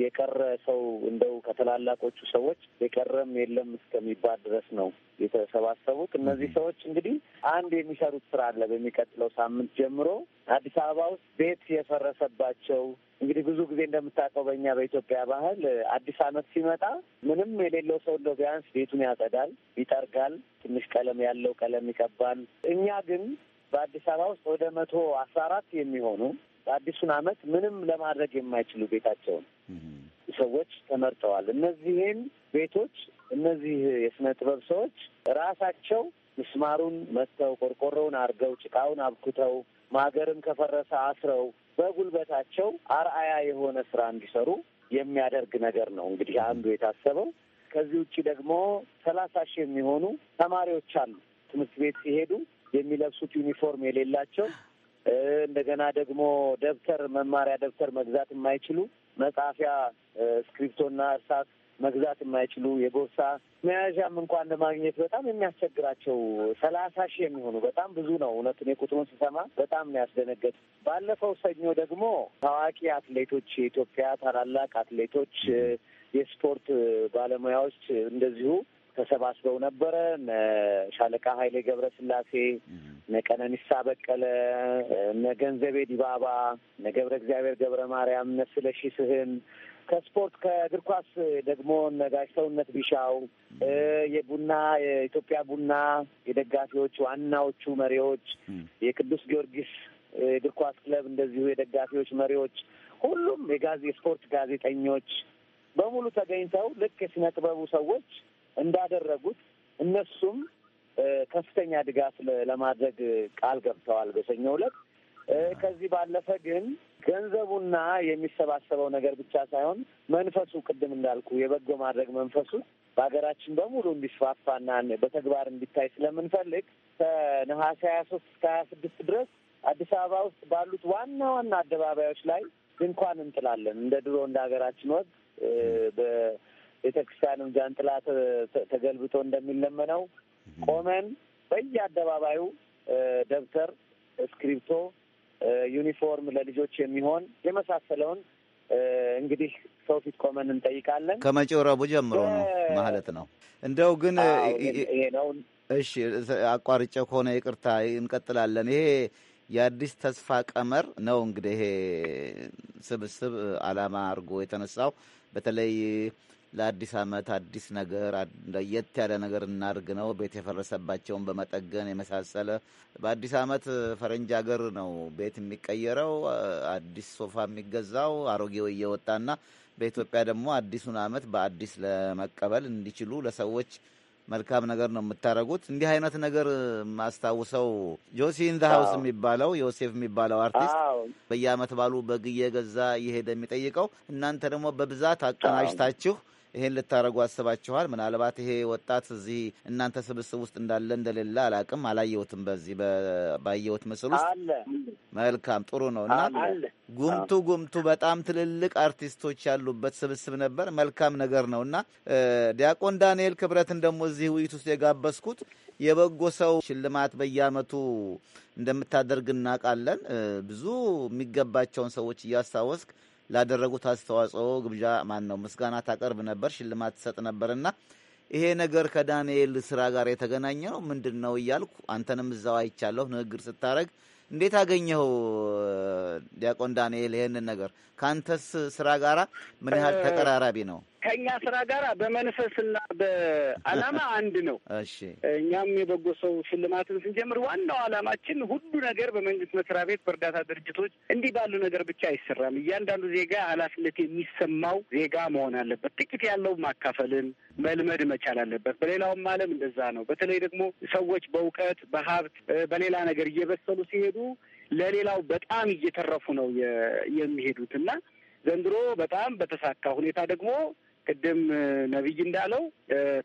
[SPEAKER 2] የቀረ ሰው እንደው ከትላላቆቹ ሰዎች የቀረም የለም እስከሚባል ድረስ ነው የተሰባሰቡት። እነዚህ ሰዎች እንግዲህ አንድ የሚሰሩት ስራ አለ። በሚቀጥለው ሳምንት ጀምሮ አዲስ አበባ ውስጥ ቤት የፈረሰባቸው እንግዲህ ብዙ ጊዜ እንደምታውቀው በእኛ በኢትዮጵያ ባህል አዲስ ዓመት ሲመጣ ምንም የሌለው ሰው እንደው ቢያንስ ቤቱን ያጸዳል፣ ይጠርጋል፣ ትንሽ ቀለም ያለው ቀለም ይቀባል። እኛ ግን በአዲስ አበባ ውስጥ ወደ መቶ አስራ አራት የሚሆኑ አዲሱን ዓመት ምንም ለማድረግ የማይችሉ ቤታቸውን ሰዎች ተመርጠዋል። እነዚህን ቤቶች እነዚህ የስነ ጥበብ ሰዎች ራሳቸው ምስማሩን መጥተው ቆርቆሮውን አድርገው ጭቃውን አብኩተው ማገርም ከፈረሰ አስረው በጉልበታቸው አርአያ የሆነ ስራ እንዲሰሩ የሚያደርግ ነገር ነው። እንግዲህ አንዱ የታሰበው ከዚህ ውጭ ደግሞ ሰላሳ ሺህ የሚሆኑ ተማሪዎች አሉ። ትምህርት ቤት ሲሄዱ የሚለብሱት ዩኒፎርም የሌላቸው እንደገና ደግሞ ደብተር መማሪያ ደብተር መግዛት የማይችሉ መጻፊያ እስክሪብቶና እርሳስ መግዛት የማይችሉ የቦርሳ መያዣም እንኳን ለማግኘት በጣም የሚያስቸግራቸው ሰላሳ ሺህ የሚሆኑ በጣም ብዙ ነው። እውነት የቁጥሩን ስሰማ በጣም ነው ያስደነገጥ። ባለፈው ሰኞ ደግሞ ታዋቂ አትሌቶች የኢትዮጵያ ታላላቅ አትሌቶች፣ የስፖርት ባለሙያዎች እንደዚሁ ተሰባስበው ነበረ። እነ ሻለቃ ኃይሌ ገብረስላሴ፣ እነ ቀነኒሳ በቀለ፣ እነ ገንዘቤ ዲባባ፣ እነ ገብረ እግዚአብሔር ገብረ ማርያም፣ እነ ስለሺ ስህን ከስፖርት ከእግር ኳስ ደግሞ እነ ጋሽ ሰውነት ቢሻው፣ የቡና የኢትዮጵያ ቡና የደጋፊዎች ዋናዎቹ መሪዎች፣ የቅዱስ ጊዮርጊስ የእግር ኳስ ክለብ እንደዚሁ የደጋፊዎች መሪዎች፣ ሁሉም የጋዜ የስፖርት ጋዜጠኞች በሙሉ ተገኝተው ልክ የስነ ጥበቡ ሰዎች እንዳደረጉት እነሱም ከፍተኛ ድጋፍ ለማድረግ ቃል ገብተዋል በሰኞ ዕለት። ከዚህ ባለፈ ግን ገንዘቡና የሚሰባሰበው ነገር ብቻ ሳይሆን መንፈሱ፣ ቅድም እንዳልኩ የበጎ ማድረግ መንፈሱ በሀገራችን በሙሉ እንዲስፋፋና በተግባር እንዲታይ ስለምንፈልግ ከነሐሴ ሀያ ሶስት እስከ ሀያ ስድስት ድረስ አዲስ አበባ ውስጥ ባሉት ዋና ዋና አደባባዮች ላይ ድንኳን እንጥላለን። እንደ ድሮ እንደ ሀገራችን ወግ ቤተክርስቲያንም ጃንጥላ ተገልብጦ እንደሚለመነው ቆመን በየአደባባዩ ደብተር፣ እስክሪብቶ፣ ዩኒፎርም ለልጆች የሚሆን የመሳሰለውን እንግዲህ ሰው ፊት ቆመን እንጠይቃለን። ከመጪው
[SPEAKER 1] ረቡዕ ጀምሮ ነው ማለት ነው። እንደው ግን ይሄ ነው። እሺ አቋርጬው ከሆነ ይቅርታ፣ እንቀጥላለን። ይሄ የአዲስ ተስፋ ቀመር ነው እንግዲህ ይሄ ስብስብ አላማ አድርጎ የተነሳው በተለይ ለአዲስ ዓመት አዲስ ነገር ለየት ያለ ነገር እናድርግ ነው። ቤት የፈረሰባቸውን በመጠገን የመሳሰለ በአዲስ ዓመት ፈረንጅ ሀገር ነው ቤት የሚቀየረው፣ አዲስ ሶፋ የሚገዛው፣ አሮጌው እየወጣና በኢትዮጵያ ደግሞ አዲሱን ዓመት በአዲስ ለመቀበል እንዲችሉ ለሰዎች መልካም ነገር ነው የምታደርጉት። እንዲህ አይነት ነገር ማስታውሰው ጆሲ ኢን ዘ ሀውስ የሚባለው ዮሴፍ የሚባለው አርቲስት በየአመት ባሉ በግ እየገዛ እየሄደ የሚጠይቀው እናንተ ደግሞ በብዛት አቀናጅታችሁ ይሄን ልታደረጉ አስባችኋል? ምናልባት ይሄ ወጣት እዚህ እናንተ ስብስብ ውስጥ እንዳለ እንደሌለ አላቅም፣ አላየሁትም። በዚህ ባየሁት ምስል ውስጥ መልካም፣ ጥሩ ነው እና ጉምቱ ጉምቱ በጣም ትልልቅ አርቲስቶች ያሉበት ስብስብ ነበር። መልካም ነገር ነው እና ዲያቆን ዳንኤል ክብረትን ደግሞ እዚህ ውይይት ውስጥ የጋበዝኩት የበጎ ሰው ሽልማት በየአመቱ እንደምታደርግ እናውቃለን። ብዙ የሚገባቸውን ሰዎች እያስታወስክ ላደረጉት አስተዋጽኦ ግብዣ ማን ነው ምስጋና ታቀርብ ነበር፣ ሽልማት ትሰጥ ነበርና ይሄ ነገር ከዳንኤል ስራ ጋር የተገናኘ ነው ምንድን ነው እያልኩ አንተንም እዛው አይቻለሁ ንግግር ስታደረግ እንዴት አገኘኸው ዲያቆን ዳንኤል? ይህንን ነገር ከአንተስ ስራ ጋር ምን ያህል ተቀራራቢ ነው?
[SPEAKER 2] ከእኛ ስራ ጋር በመንፈስና በአላማ አንድ ነው። እኛም የበጎ ሰው ሽልማትን ስንጀምር ዋናው አላማችን ሁሉ ነገር በመንግስት መስሪያ ቤት፣ በእርዳታ ድርጅቶች እንዲህ ባሉ ነገር ብቻ አይሰራም። እያንዳንዱ ዜጋ ኃላፊነት የሚሰማው ዜጋ መሆን አለበት። ጥቂት ያለው ማካፈልን መልመድ መቻል አለበት። በሌላውም ዓለም እንደዛ ነው። በተለይ ደግሞ ሰዎች በእውቀት በሀብት፣ በሌላ ነገር እየበሰሉ ሲሄዱ ለሌላው በጣም እየተረፉ ነው የሚሄዱት እና ዘንድሮ በጣም በተሳካ ሁኔታ ደግሞ ቅድም ነቢይ እንዳለው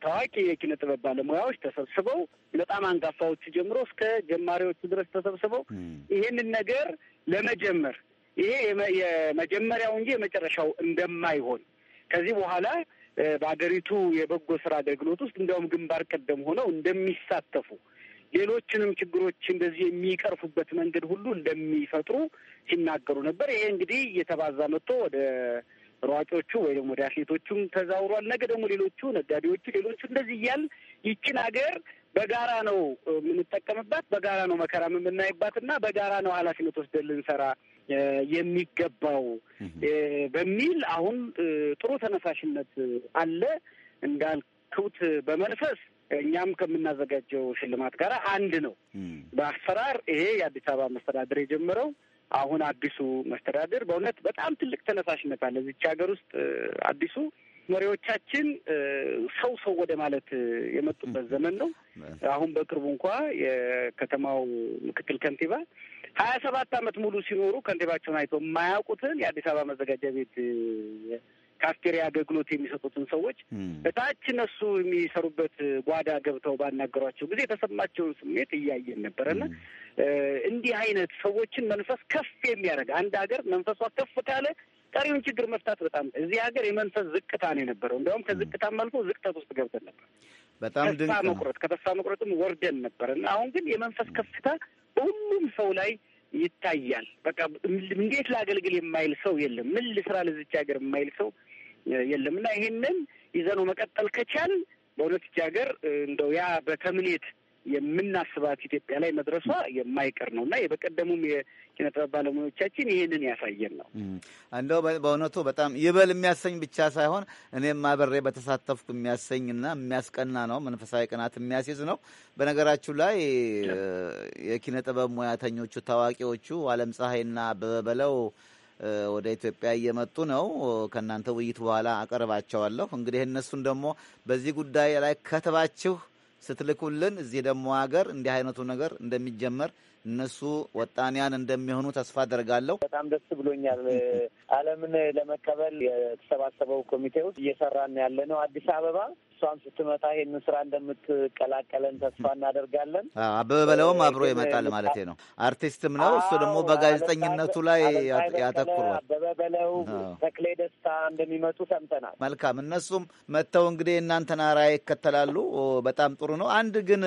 [SPEAKER 2] ታዋቂ የኪነ ጥበብ ባለሙያዎች ተሰብስበው በጣም አንጋፋዎቹ ጀምሮ እስከ ጀማሪዎቹ ድረስ ተሰብስበው ይህንን ነገር ለመጀመር ይሄ የመጀመሪያው እንጂ የመጨረሻው እንደማይሆን ከዚህ በኋላ በሀገሪቱ የበጎ ስራ አገልግሎት ውስጥ እንዲያውም ግንባር ቀደም ሆነው እንደሚሳተፉ ሌሎችንም ችግሮች እንደዚህ የሚቀርፉበት መንገድ ሁሉ እንደሚፈጥሩ ሲናገሩ ነበር። ይሄ እንግዲህ እየተባዛ መጥቶ ወደ ሯጮቹ ወይ ደግሞ ወደ አትሌቶቹም ተዛውሯል። ነገ ደግሞ ሌሎቹ ነጋዴዎቹ፣ ሌሎቹ እንደዚህ እያል ይችን ሀገር በጋራ ነው የምንጠቀምባት፣ በጋራ ነው መከራ የምናይባት እና በጋራ ነው ኃላፊነት ወስደን ልንሰራ የሚገባው በሚል አሁን ጥሩ ተነሳሽነት አለ እንዳልኩት በመንፈስ እኛም ከምናዘጋጀው ሽልማት ጋር አንድ ነው። በአሰራር ይሄ የአዲስ አበባ መስተዳደር የጀመረው አሁን አዲሱ መስተዳድር በእውነት በጣም ትልቅ ተነሳሽነት አለ እዚች ሀገር ውስጥ አዲሱ መሪዎቻችን ሰው ሰው ወደ ማለት የመጡበት ዘመን ነው። አሁን በቅርቡ እንኳ የከተማው ምክትል ከንቲባ ሀያ ሰባት አመት ሙሉ ሲኖሩ ከንቲባቸውን አይቶ የማያውቁትን የአዲስ አበባ መዘጋጃ ቤት ካፍቴሪያ አገልግሎት የሚሰጡትን ሰዎች እታች እነሱ የሚሰሩበት ጓዳ ገብተው ባናገሯቸው ጊዜ የተሰማቸውን ስሜት እያየን ነበረና እንዲህ አይነት ሰዎችን መንፈስ ከፍ የሚያደርግ አንድ ሀገር መንፈሷ ከፍ ካለ ቀሪውን ችግር መፍታት በጣም እዚህ ሀገር የመንፈስ ዝቅታ ነው የነበረው። እንዲያውም ከዝቅታም አልፎ ዝቅተት ውስጥ ገብተን ነበር። በጣም ተስፋ መቁረጥ ከተስፋ መቁረጥም ወርደን ነበር እና አሁን ግን የመንፈስ ከፍታ በሁሉም ሰው ላይ ይታያል። በቃ እንዴት ለአገልግል የማይል ሰው የለም። ምን ልስራ ለዚች ሀገር የማይል ሰው የለም እና ይሄንን ይዘነው መቀጠል ከቻል በእውነት እች ሀገር እንደው ያ በተምኔት የምናስባት ኢትዮጵያ ላይ መድረሷ የማይቀር ነው እና የበቀደሙም የኪነጥበብ ባለሙያዎቻችን ይህንን ያሳየን ነው።
[SPEAKER 1] እንደው በእውነቱ በጣም ይበል የሚያሰኝ ብቻ ሳይሆን እኔም ማበሬ በተሳተፍኩ የሚያሰኝና የሚያስቀና ነው። መንፈሳዊ ቅናት የሚያስይዝ ነው። በነገራችሁ ላይ የኪነ ጥበብ ሙያተኞቹ ታዋቂዎቹ አለም ፀሐይና አበበ በለው ወደ ኢትዮጵያ እየመጡ ነው። ከእናንተ ውይይት በኋላ አቀርባቸዋለሁ። እንግዲህ እነሱን ደግሞ በዚህ ጉዳይ ላይ ከተባችሁ ስትልኩልን እዚህ ደግሞ ሀገር እንዲህ አይነቱ ነገር እንደሚጀመር እነሱ ወጣንያን እንደሚሆኑ ተስፋ አደርጋለሁ።
[SPEAKER 2] በጣም ደስ ብሎኛል። ዓለምን ለመቀበል የተሰባሰበው ኮሚቴ ውስጥ እየሰራን ያለ ነው። አዲስ አበባ እሷም ስትመጣ ይህን ስራ እንደምትቀላቀለን ተስፋ እናደርጋለን።
[SPEAKER 1] አበበ በለውም አብሮ ይመጣል ማለት ነው። አርቲስትም ነው እሱ ደግሞ በጋዜጠኝነቱ ላይ ያተኩሯል። አበበ
[SPEAKER 2] በለው፣ ተክሌ ደስታ እንደሚመጡ ሰምተናል።
[SPEAKER 1] መልካም እነሱም መጥተው እንግዲህ እናንተን ራዕይ ይከተላሉ። በጣም ጥሩ ነው። አንድ ግን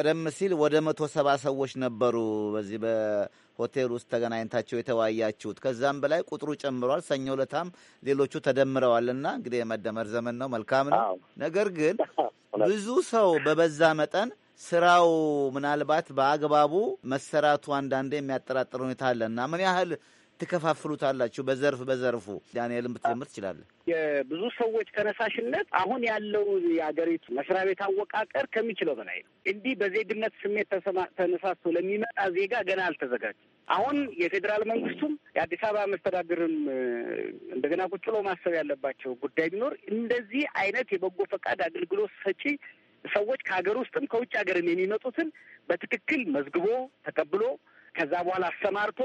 [SPEAKER 1] ቀደም ሲል ወደ መቶ ሰባ ሰዎች ነበሩ በዚህ በ ሆቴል ውስጥ ተገናኝታቸው የተወያያችሁት? ከዛም በላይ ቁጥሩ ጨምሯል። ሰኞ ለታም ሌሎቹ ተደምረዋል እና እንግዲህ የመደመር ዘመን ነው፣ መልካም ነው። ነገር ግን ብዙ ሰው በበዛ መጠን ስራው ምናልባት በአግባቡ መሰራቱ አንዳንዴ የሚያጠራጥር ሁኔታ አለና ምን ያህል ትከፋፍሉታላችሁ? በዘርፍ በዘርፉ ዳንኤልን ብትጀምር ትችላለህ።
[SPEAKER 2] የብዙ ሰዎች ተነሳሽነት አሁን ያለው የአገሪቱ መስሪያ ቤት አወቃቀር ከሚችለው በላይ ነው። እንዲህ በዜግነት ስሜት ተነሳስቶ ለሚመጣ ዜጋ ገና አልተዘጋጀም። አሁን የፌዴራል መንግስቱም የአዲስ አበባ መስተዳድርም እንደገና ቁጭ ብሎ ማሰብ ያለባቸው ጉዳይ ቢኖር እንደዚህ አይነት የበጎ ፈቃድ አገልግሎት ሰጪ ሰዎች ከሀገር ውስጥም ከውጭ ሀገርም የሚመጡትን በትክክል መዝግቦ ተቀብሎ ከዛ በኋላ አሰማርቶ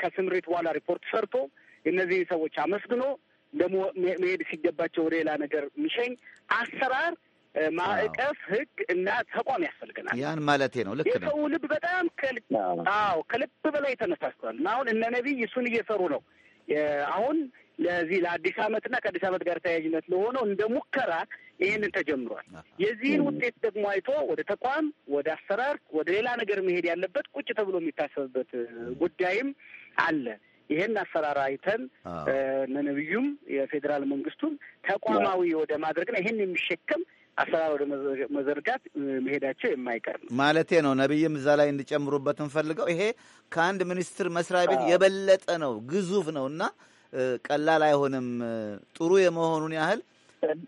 [SPEAKER 2] ከስምሪት በኋላ ሪፖርት ሰርቶ እነዚህ ሰዎች አመስግኖ ደግሞ መሄድ ሲገባቸው ሌላ ነገር የሚሸኝ አሰራር ማዕቀፍ ህግ እና ተቋም ያስፈልገናል።
[SPEAKER 1] ያን ማለት ነው። ልክ ነው። የሰው
[SPEAKER 2] ልብ በጣም አዎ፣ ከልብ በላይ ተነሳስተዋል እና አሁን እነ ነቢይ እሱን እየሰሩ ነው። አሁን ለዚህ ለአዲስ ዓመትና ከአዲስ አመት ጋር ተያያዥነት ለሆነው እንደ ሙከራ ይህንን ተጀምሯል። የዚህን ውጤት ደግሞ አይቶ ወደ ተቋም፣ ወደ አሰራር፣ ወደ ሌላ ነገር መሄድ ያለበት ቁጭ ተብሎ የሚታሰብበት ጉዳይም አለ። ይህን አሰራር አይተን ነነብዩም የፌዴራል መንግስቱም ተቋማዊ ወደ ማድረግና ይህን የሚሸከም አሰራር ወደ መዘርጋት መሄዳቸው የማይቀር
[SPEAKER 1] ነው ማለቴ ነው። ነቢይም እዛ ላይ እንዲጨምሩበት እንፈልገው። ይሄ ከአንድ ሚኒስትር መስሪያ ቤት የበለጠ ነው፣ ግዙፍ ነው እና ቀላል አይሆንም። ጥሩ የመሆኑን ያህል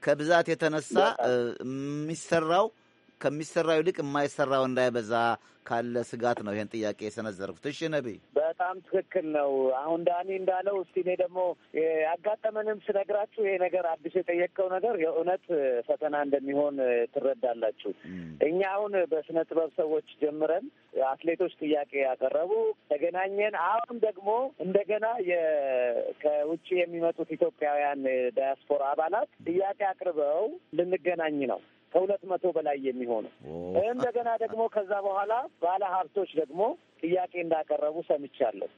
[SPEAKER 1] ከብዛት የተነሳ የሚሰራው ከሚሰራው ይልቅ የማይሰራው እንዳይበዛ ካለ ስጋት ነው ይሄን ጥያቄ የሰነዘርኩት። እሺ ነቢይ፣
[SPEAKER 2] በጣም ትክክል ነው። አሁን ዳኒ እንዳለው እስቲ እኔ ደግሞ ያጋጠመንም ስነግራችሁ ይሄ ነገር አዲስ የጠየቀው ነገር የእውነት ፈተና እንደሚሆን ትረዳላችሁ። እኛ አሁን በስነ ጥበብ ሰዎች ጀምረን አትሌቶች ጥያቄ ያቀረቡ ተገናኘን። አሁን ደግሞ እንደገና ከውጭ የሚመጡት ኢትዮጵያውያን ዳያስፖራ አባላት ጥያቄ አቅርበው ልንገናኝ ነው ከሁለት መቶ በላይ የሚሆኑ እንደገና ደግሞ ከዛ በኋላ ባለ ሀብቶች ደግሞ ጥያቄ እንዳቀረቡ ሰምቻለሁ።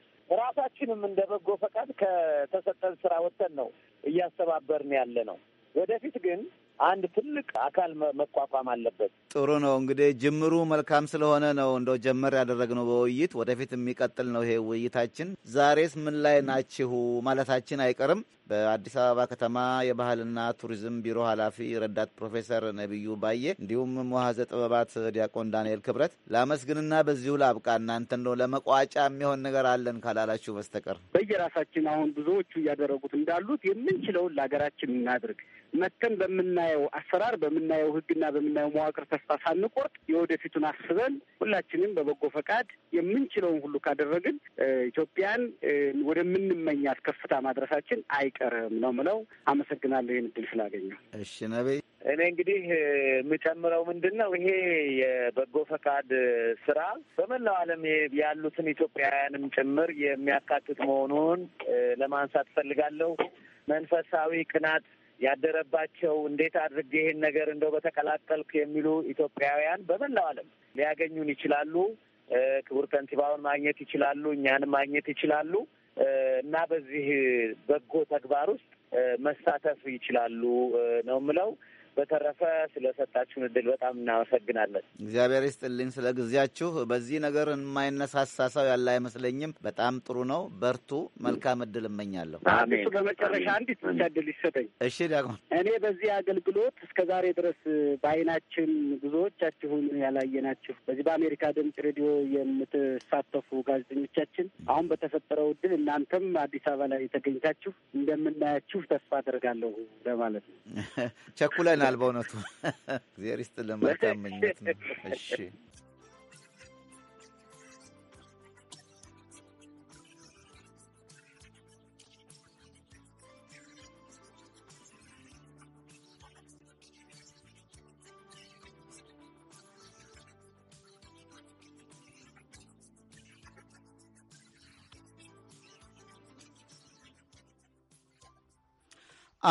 [SPEAKER 2] ራሳችንም እንደ በጎ ፈቃድ ከተሰጠን ስራ ወጥተን ነው እያስተባበርን ያለ ነው። ወደፊት ግን አንድ ትልቅ አካል መቋቋም አለበት።
[SPEAKER 1] ጥሩ ነው እንግዲህ ጅምሩ መልካም ስለሆነ ነው እንደው ጀመር ያደረግነው በውይይት ወደፊት የሚቀጥል ነው ይሄ ውይይታችን። ዛሬስ ምን ላይ ናችሁ ማለታችን አይቀርም። በአዲስ አበባ ከተማ የባህልና ቱሪዝም ቢሮ ኃላፊ ረዳት ፕሮፌሰር ነቢዩ ባዬ እንዲሁም መሐዘ ጥበባት ዲያቆን ዳንኤል ክብረት ላመስግንና በዚሁ ላብቃ። እናንተ እንደው ለመቋጫ የሚሆን ነገር አለን ካላላችሁ በስተቀር
[SPEAKER 2] በየራሳችን አሁን ብዙዎቹ እያደረጉት እንዳሉት የምንችለውን ለሀገራችን እናድርግ። መተን በምናየው አሰራር፣ በምናየው ህግና በምናየው መዋቅር ተስፋ ሳንቆርጥ የወደፊቱን አስበን ሁላችንም በበጎ ፈቃድ የምንችለውን ሁሉ ካደረግን ኢትዮጵያን ወደምንመኛት ከፍታ ማድረሳችን አይቀ አይቀርም ነው ምለው። አመሰግናለሁ ይህን እድል ስላገኘሁ። እሺ ነበይ፣ እኔ እንግዲህ የምጨምረው ምንድን ነው ይሄ የበጎ ፈቃድ ስራ በመላው ዓለም ያሉትን ኢትዮጵያውያንም ጭምር የሚያካትት መሆኑን ለማንሳት እፈልጋለሁ። መንፈሳዊ ቅናት ያደረባቸው እንዴት አድርጌ ይሄን ነገር እንደው በተቀላቀልኩ የሚሉ ኢትዮጵያውያን በመላው ዓለም ሊያገኙን ይችላሉ። ክቡር ከንቲባውን ማግኘት ይችላሉ። እኛንም ማግኘት ይችላሉ። እና በዚህ በጎ ተግባር ውስጥ መሳተፍ ይችላሉ ነው የምለው። በተረፈ ስለሰጣችሁን እድል በጣም እናመሰግናለን።
[SPEAKER 1] እግዚአብሔር ይስጥልኝ ስለ ጊዜያችሁ። በዚህ ነገር የማይነሳሳ ሰው ያለ አይመስለኝም። በጣም ጥሩ ነው። በርቱ። መልካም እድል እመኛለሁ። እሱ በመጨረሻ
[SPEAKER 2] አንዲት ብቻ እድል ይሰጠኝ። እሺ ደግሞ እኔ በዚህ አገልግሎት እስከ ዛሬ ድረስ በአይናችን ብዙዎቻችሁን ያላየናችሁ በዚህ በአሜሪካ ድምፅ ሬዲዮ የምትሳተፉ ጋዜጠኞቻችን አሁን በተፈጠረው እድል እናንተም አዲስ አበባ ላይ ተገኝታችሁ እንደምናያችሁ ተስፋ አደርጋለሁ ለማለት ነው።
[SPEAKER 1] ቸኩለና ይመስላል በእውነቱ። እግዚአብሔር ይስጥልን። መልካም ምኞት
[SPEAKER 2] ነው። እሺ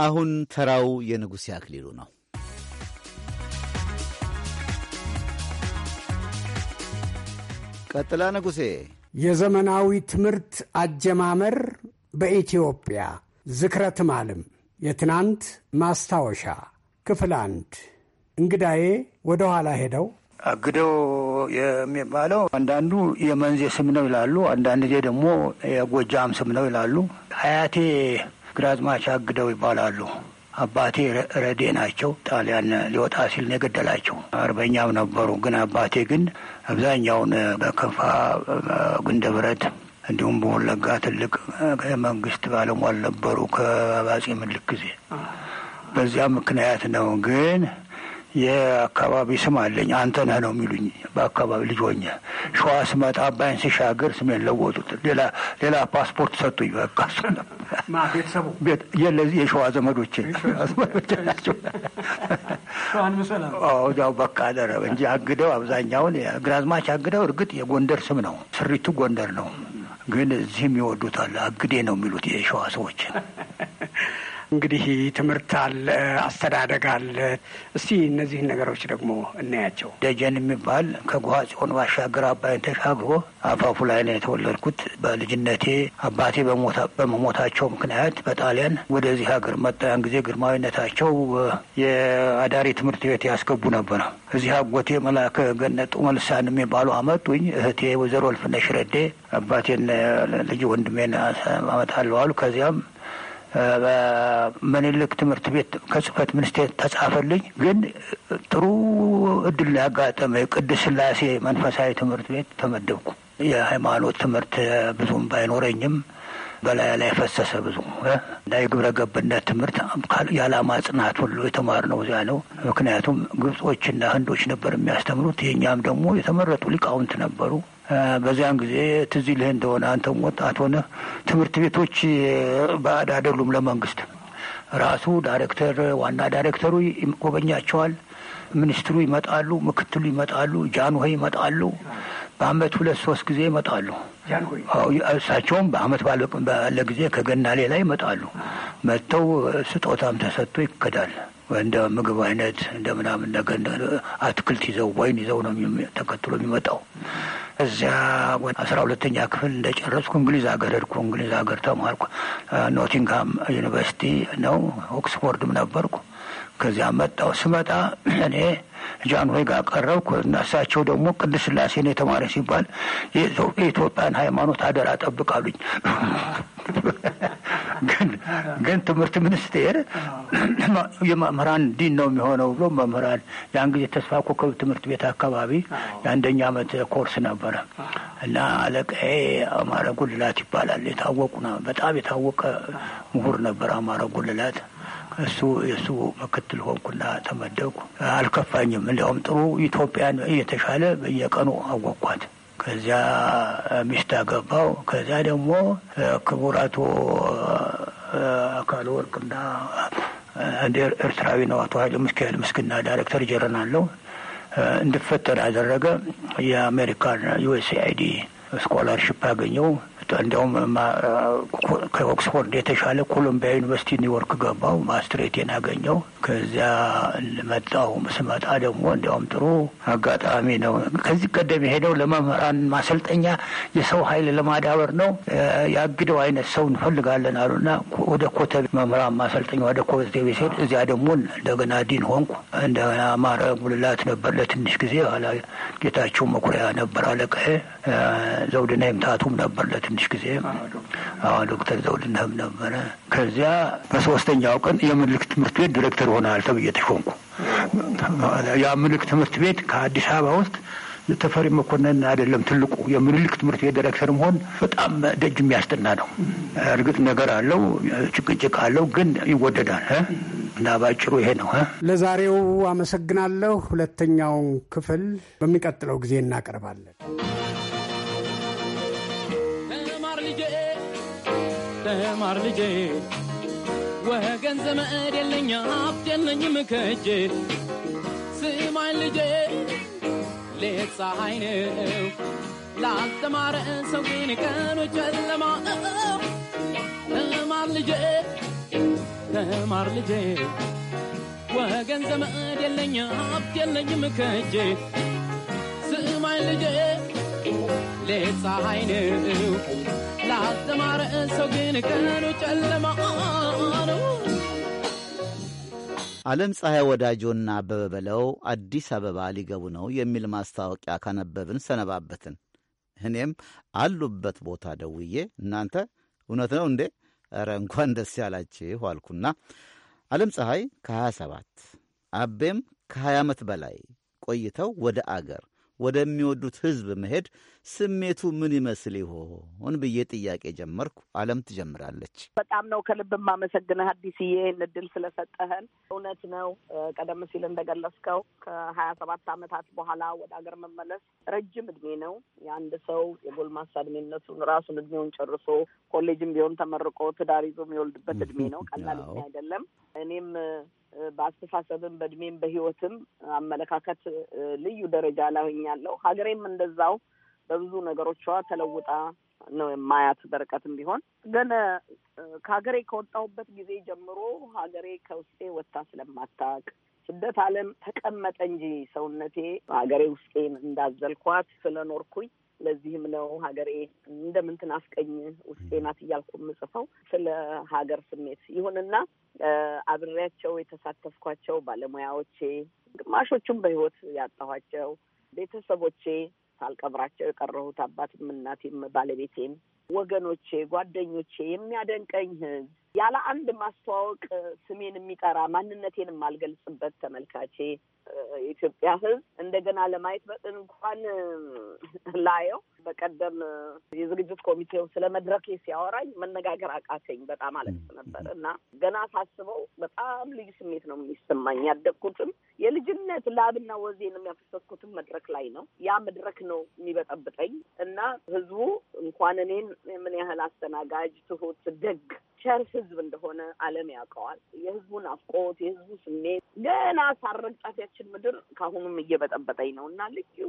[SPEAKER 1] አሁን ተራው የንጉሴ አክሊሉ ነው።
[SPEAKER 6] ቀጥላ ንጉሴ የዘመናዊ ትምህርት አጀማመር በኢትዮጵያ ዝክረትም ማልም የትናንት ማስታወሻ ክፍል አንድ እንግዳዬ ወደ ኋላ ሄደው አግደው የሚባለው አንዳንዱ የመንዜ ስም ነው ይላሉ። አንዳንድ ጊዜ ደግሞ የጎጃም ስም ነው ይላሉ። አያቴ ግራዝማች አግደው ይባላሉ። አባቴ ረዴ ናቸው። ጣሊያን ሊወጣ ሲል ነው የገደላቸው። አርበኛም ነበሩ። ግን አባቴ ግን አብዛኛውን በከፋ ግንደብረት፣ እንዲሁም በወለጋ ትልቅ የመንግስት ባለሟል ነበሩ ከአባጼ ምኒልክ ጊዜ። በዚያ ምክንያት ነው ግን የአካባቢ ስም አለኝ። አንተ ነህ ነው የሚሉኝ። በአካባቢ ልጅ ሆኜ ሸዋ ስመጣ አባይን ሲሻገር ስሜን ለወጡት። ሌላ ሌላ ፓስፖርት ሰጡኝ። በቃ ቤተሰቡ የለዚህ የሸዋ ዘመዶች ናቸው። ያው በቃ ደረበ እንጂ አግደው አብዛኛውን ግራዝማች አግደው። እርግጥ የጎንደር ስም ነው፣ ስሪቱ ጎንደር ነው። ግን እዚህም ይወዱታል። አግዴ ነው የሚሉት የሸዋ ሰዎች እንግዲህ ትምህርት አለ፣ አስተዳደግ አለ። እስቲ እነዚህን ነገሮች ደግሞ እናያቸው። ደጀን የሚባል ከጉሃ ጽዮን ባሻገር አባይን ተሻግሮ አፋፉ ላይ ነው የተወለድኩት። በልጅነቴ አባቴ በመሞታቸው ምክንያት በጣሊያን ወደዚህ ሀገር መጣ። ያን ጊዜ ግርማዊነታቸው የአዳሪ ትምህርት ቤት ያስገቡ ነበር። እዚህ አጎቴ መላከ ገነጡ መልሳን የሚባሉ አመጡኝ። እህቴ ወይዘሮ እልፍነሽ ረዴ አባቴን ልጅ ወንድሜን አመጣለሁ አሉ። ከዚያም በምኒልክ ትምህርት ቤት ከጽህፈት ሚኒስቴር ተጻፈልኝ። ግን ጥሩ እድል ያጋጠመ ቅዱስ ስላሴ መንፈሳዊ ትምህርት ቤት ተመደብኩ። የሃይማኖት ትምህርት ብዙም ባይኖረኝም በላይ ላይ ፈሰሰ ብዙ እና የግብረ ገብነት ትምህርት የዓላማ ጽናት ሁሉ የተማርነው እዚያ ነው። ምክንያቱም ግብጾችና ህንዶች ነበር የሚያስተምሩት። የእኛም ደግሞ የተመረጡ ሊቃውንት ነበሩ። በዚያን ጊዜ ትዝ ይልህ እንደሆነ አንተም ወጣት ሆነህ ትምህርት ቤቶች ባዕድ አይደሉም ለመንግስት። ራሱ ዳይሬክተር ዋና ዳይሬክተሩ ይጎበኛቸዋል። ሚኒስትሩ ይመጣሉ፣ ምክትሉ ይመጣሉ፣ ጃንሆይ ይመጣሉ። በአመት ሁለት ሶስት ጊዜ ይመጣሉ። እሳቸውም በአመት ባለ ጊዜ ከገና ሌላ ይመጣሉ። መጥተው ስጦታም ተሰጥቶ ይከዳል። እንደ ምግብ አይነት እንደ ምናምን ነገር አትክልት ይዘው ወይን ይዘው ነው ተከትሎ የሚመጣው። እዚያ አስራ ሁለተኛ ክፍል እንደጨረስኩ እንግሊዝ ሀገር ሄድኩ። እንግሊዝ ሀገር ተማርኩ። ኖቲንግሃም ዩኒቨርሲቲ ነው ኦክስፎርድም ነበርኩ። ከዚያ መጣው ስመጣ እኔ ጃንሆይ ጋር ቀረብኩ እና እሳቸው ደግሞ ቅድስት ሥላሴን የተማረ ሲባል የኢትዮጵያን ሃይማኖት አደራ ጠብቃሉኝ። ግን ግን ትምህርት ሚኒስቴር የመምህራን ዲን ነው የሚሆነው ብሎ መምህራን ያን ጊዜ ተስፋ ኮከብ ትምህርት ቤት አካባቢ የአንደኛ ዓመት ኮርስ ነበረ እና አለቃዬ አማረ ጉልላት ይባላል። የታወቁ በጣም የታወቀ ምሁር ነበር አማረ ጉልላት እሱ የእሱ ምክትል ሆንኩና ተመደኩ። አልከፋኝም። እንዲያውም ጥሩ ኢትዮጵያን እየተሻለ በየቀኑ አወኳት። ከዚያ ሚስት አገባው። ከዚያ ደግሞ ክቡር አቶ አካል ወርቅና እንደ ኤርትራዊ ነው አቶ ኃይለ ሚካኤል ምስክና ዳይሬክተር ጀነራል አለው እንድፈተን አደረገ። የአሜሪካን ዩኤስኤአይዲ ስኮላርሽፕ አገኘው። እንዲያውም ከኦክስፎርድ የተሻለ ኮሎምቢያ ዩኒቨርሲቲ ኒውዮርክ ገባው፣ ማስትሬቴን ያገኘው ከዚያ መጣው። ስመጣ ደግሞ እንዲያውም ጥሩ አጋጣሚ ነው። ከዚህ ቀደም የሄደው ለመምህራን ማሰልጠኛ የሰው ኃይል ለማዳበር ነው። ያግደው አይነት ሰው እንፈልጋለን አሉና ወደ ኮተቤ መምህራን ማሰልጠኛ ወደ ኮተቤ ሲሄድ እዚያ ደግሞ እንደገና ዲን ሆንኩ። እንደገና አማረ ጉልላት ነበር ለትንሽ ጊዜ ኋላ ጌታቸው መኩሪያ ነበር አለቃ ዘውድና የምታቱም ነበር ለትንሽ ጊዜ ዶክተር ዘውድናም ነበረ። ከዚያ በሶስተኛው ቀን የምልክት ትምህርት ቤት ዲሬክተር ሆናል ተብዬ ያ ምልክት ትምህርት ቤት ከአዲስ አበባ ውስጥ ተፈሪ መኮንን አይደለም ትልቁ የምኒልክ ትምህርት ቤት ዲሬክተር መሆን በጣም ደጅ የሚያስጠና ነው። እርግጥ ነገር አለው፣ ጭቅጭቅ አለው፣ ግን ይወደዳል እና ባጭሩ ይሄ ነው። ለዛሬው አመሰግናለሁ። ሁለተኛውን ክፍል በሚቀጥለው ጊዜ እናቀርባለን።
[SPEAKER 7] ልጄ
[SPEAKER 2] ተማር ልጄ ወገን ዘመድ የለኝ ሀብት የለኝም ከጄ ስማኝ ልጄ
[SPEAKER 7] ሌት ፀሐይ ነው ላልተማረ
[SPEAKER 2] ሰው ግን ቀኑ ጨለማ ተማር ልጄ ተማር ልጄ ወገን ዘመድ የለኝ ሀብት የለኝም ከጄ ስማኝ ልጄ ለፀሐይ ነው
[SPEAKER 7] ሰው ግን ቀኑ
[SPEAKER 6] ጨለማ ነው።
[SPEAKER 1] ዓለም ፀሐይ ወዳጆና አበበ በለው አዲስ አበባ ሊገቡ ነው የሚል ማስታወቂያ ካነበብን ሰነባበትን። እኔም አሉበት ቦታ ደውዬ እናንተ እውነት ነው እንዴ? ኧረ እንኳን ደስ ያላችሁ አልኩና ዓለም ፀሐይ ከ27 አቤም ከ20 ዓመት በላይ ቆይተው ወደ አገር ወደሚወዱት ሕዝብ መሄድ ስሜቱ ምን ይመስል ይሆን ብዬ ጥያቄ ጀመርኩ። አለም ትጀምራለች።
[SPEAKER 3] በጣም ነው ከልብ የማመሰግንህ አዲስዬ፣ ይህን እድል ስለሰጠህን። እውነት ነው ቀደም ሲል እንደገለጽከው ከሀያ ሰባት አመታት በኋላ ወደ ሀገር መመለስ ረጅም እድሜ ነው። የአንድ ሰው የጎልማሳ እድሜነቱን ራሱን እድሜውን ጨርሶ ኮሌጅም ቢሆን ተመርቆ ትዳር ይዞ የሚወልድበት እድሜ ነው። ቀላል እድሜ አይደለም። እኔም በአስተሳሰብም በእድሜም በህይወትም አመለካከት ልዩ ደረጃ ላይ ሆኛለሁ። ሀገሬም እንደዛው በብዙ ነገሮቿ ተለውጣ ነው የማያት። በርቀትም ቢሆን ግን ከሀገሬ ከወጣሁበት ጊዜ ጀምሮ ሀገሬ ከውስጤ ወጥታ ስለማታውቅ ስደት ዓለም ተቀመጠ እንጂ ሰውነቴ ሀገሬ ውስጤን እንዳዘልኳት ስለኖርኩኝ ለዚህም ነው ሀገሬ እንደምን ትናፍቀኝ ውስጤ ናት እያልኩ የምጽፈው ስለ ሀገር ስሜት። ይሁንና አብሬያቸው የተሳተፍኳቸው ባለሙያዎቼ፣ ግማሾቹም በህይወት ያጣኋቸው ቤተሰቦቼ ሳልቀብራቸው የቀረሁት አባትም እናቴም ባለቤቴም ወገኖቼ፣ ጓደኞቼ፣ የሚያደንቀኝ ህዝብ ያለ አንድ ማስተዋወቅ ስሜን የሚጠራ ማንነቴን የማልገልጽበት ተመልካቼ የኢትዮጵያ ህዝብ እንደገና ለማየት እንኳን ላየው በቀደም የዝግጅት ኮሚቴው ስለ መድረኬ ሲያወራኝ መነጋገር አቃተኝ። በጣም አለቅስ ነበር እና ገና ሳስበው በጣም ልዩ ስሜት ነው የሚሰማኝ። ያደግኩትም የልጅነት ላብና ወዜን የሚያፈሰስኩትም መድረክ ላይ ነው። ያ መድረክ ነው የሚበጠብጠኝ እና ህዝቡ እንኳን እኔን ምን ያህል አስተናጋጅ፣ ትሁት፣ ደግ ቸር ህዝብ እንደሆነ ዓለም ያውቀዋል። የህዝቡን አፍቆት፣ የህዝቡ ስሜት ገና ሳረግ ጣፊያችን ምድር ከአሁኑም እየበጠበጠኝ ነው እና ልዩ